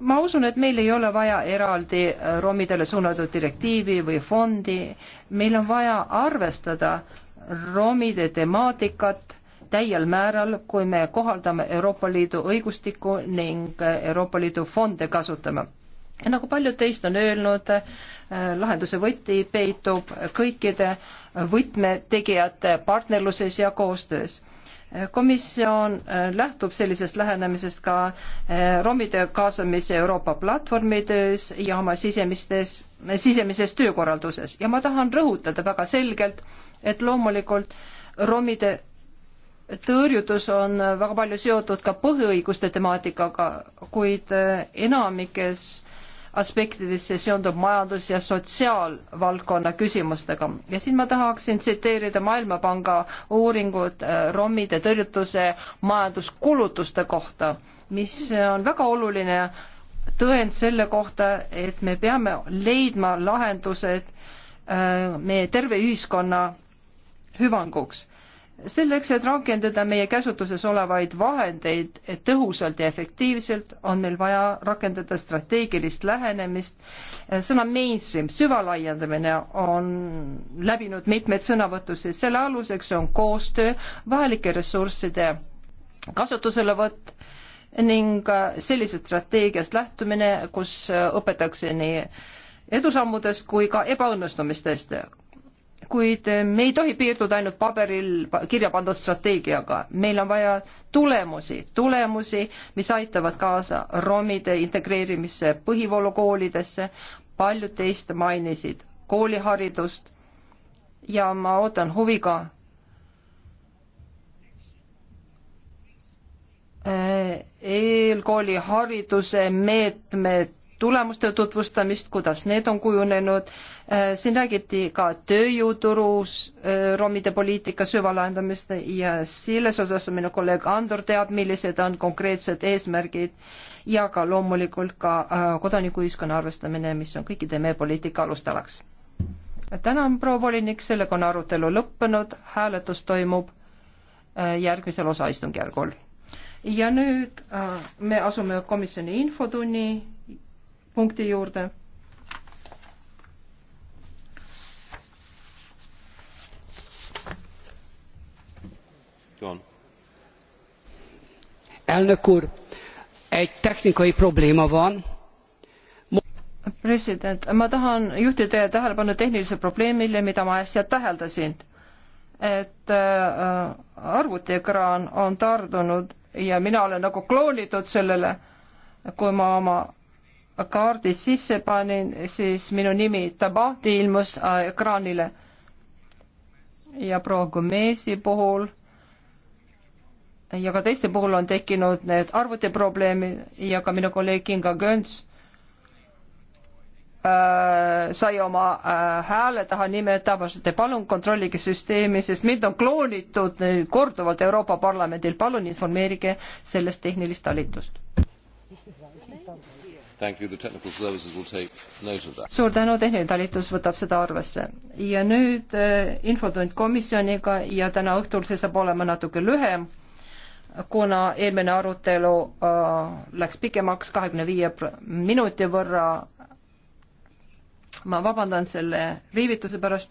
ma usun, et meil ei ole vaja eraldi äh, romidele suunatud direktiivi või fondi, meil on vaja arvestada romide temaatikat täiel määral, kui me kohaldame Euroopa Liidu õigustikku ning Euroopa Liidu fonde kasutame. Ja nagu paljud teist on öelnud, äh, lahenduse võti peitub kõikide võtmetegijate partnerluses ja koostöös äh, komisjon äh, lähtub sellisest lähenemisest ka romide kaasamise Euroopa platvormi töös ja oma sisemistes, sisemises töökorralduses ja ma tahan rõhutada väga selgelt, et loomulikult romide tõrjutus on väga palju seotud ka põhiõiguste temaatikaga, kuid eh, enamikes aspektides see seondub majandus- ja sotsiaalvaldkonna küsimustega. ja siin ma tahaksin tsiteerida Maailmapanga uuringut eh, rommide tõrjutuse majanduskulutuste kohta, mis on väga oluline tõend selle kohta, et me peame leidma lahendused eh, meie terve ühiskonna hüvanguks selleks, et rakendada meie käsutuses olevaid vahendeid tõhusalt ja efektiivselt, on meil vaja rakendada strateegilist lähenemist. sõna mainstream, süvalaiendamine on läbinud mitmeid sõnavõtusid, selle aluseks on koostöö, vajalike ressursside kasutuselevõtt ning sellisest strateegiast lähtumine, kus õpetakse nii edusammudest kui ka ebaõnnestumistest kuid me ei tohi piirduda ainult paberil kirja pandud strateegiaga. meil on vaja tulemusi, tulemusi, mis aitavad kaasa romide integreerimisse põhivoolukoolidesse, paljud teist mainisid kooliharidust ja ma ootan huviga äh, eelkoolihariduse meetmed tulemuste tutvustamist, kuidas need on kujunenud, äh, siin räägiti ka tööjõuturus äh, romide poliitika süvalaiendamist ja selles osas minu kolleeg Andor teab, millised on konkreetsed eesmärgid ja ka loomulikult ka äh, kodanikuühiskonna arvestamine, mis on kõikide meie poliitika alustalaks. tänan, proua volinik, sellega on arutelu lõppenud, hääletus toimub järgmisel osaistungjärgul ja nüüd äh, me asume komisjoni infotunni punkti juurde. elnök úr, egy technikai probléma van. president, ma tahan juhtida teie tähelepanu tehnilisele probleemile, mida ma äsja täheldasin. et äh, äh, arvutiekraan on tardunud ja mina olen nagu kloonitud sellele, kui ma oma kaardi sisse panin, siis minu nimi Tabati ilmus äh, ekraanile. ja proua Gomezi puhul ja ka teiste puhul on tekkinud need arvutiprobleemid ja ka minu kolleeg Kinga Gönts äh, sai oma äh, hääle taha nime tabasite, palun kontrollige süsteemi, sest mind on kloonitud korduvalt Euroopa Parlamendil, palun informeerige sellest tehnilist talitust. suur tänu, tehniline talitus võtab seda arvesse. ja nüüd äh, infotund komisjoniga ja täna õhtul see saab olema natuke lühem, kuna eelmine arutelu äh, läks pikemaks kahekümne viie minuti võrra. ma vabandan selle riivituse pärast.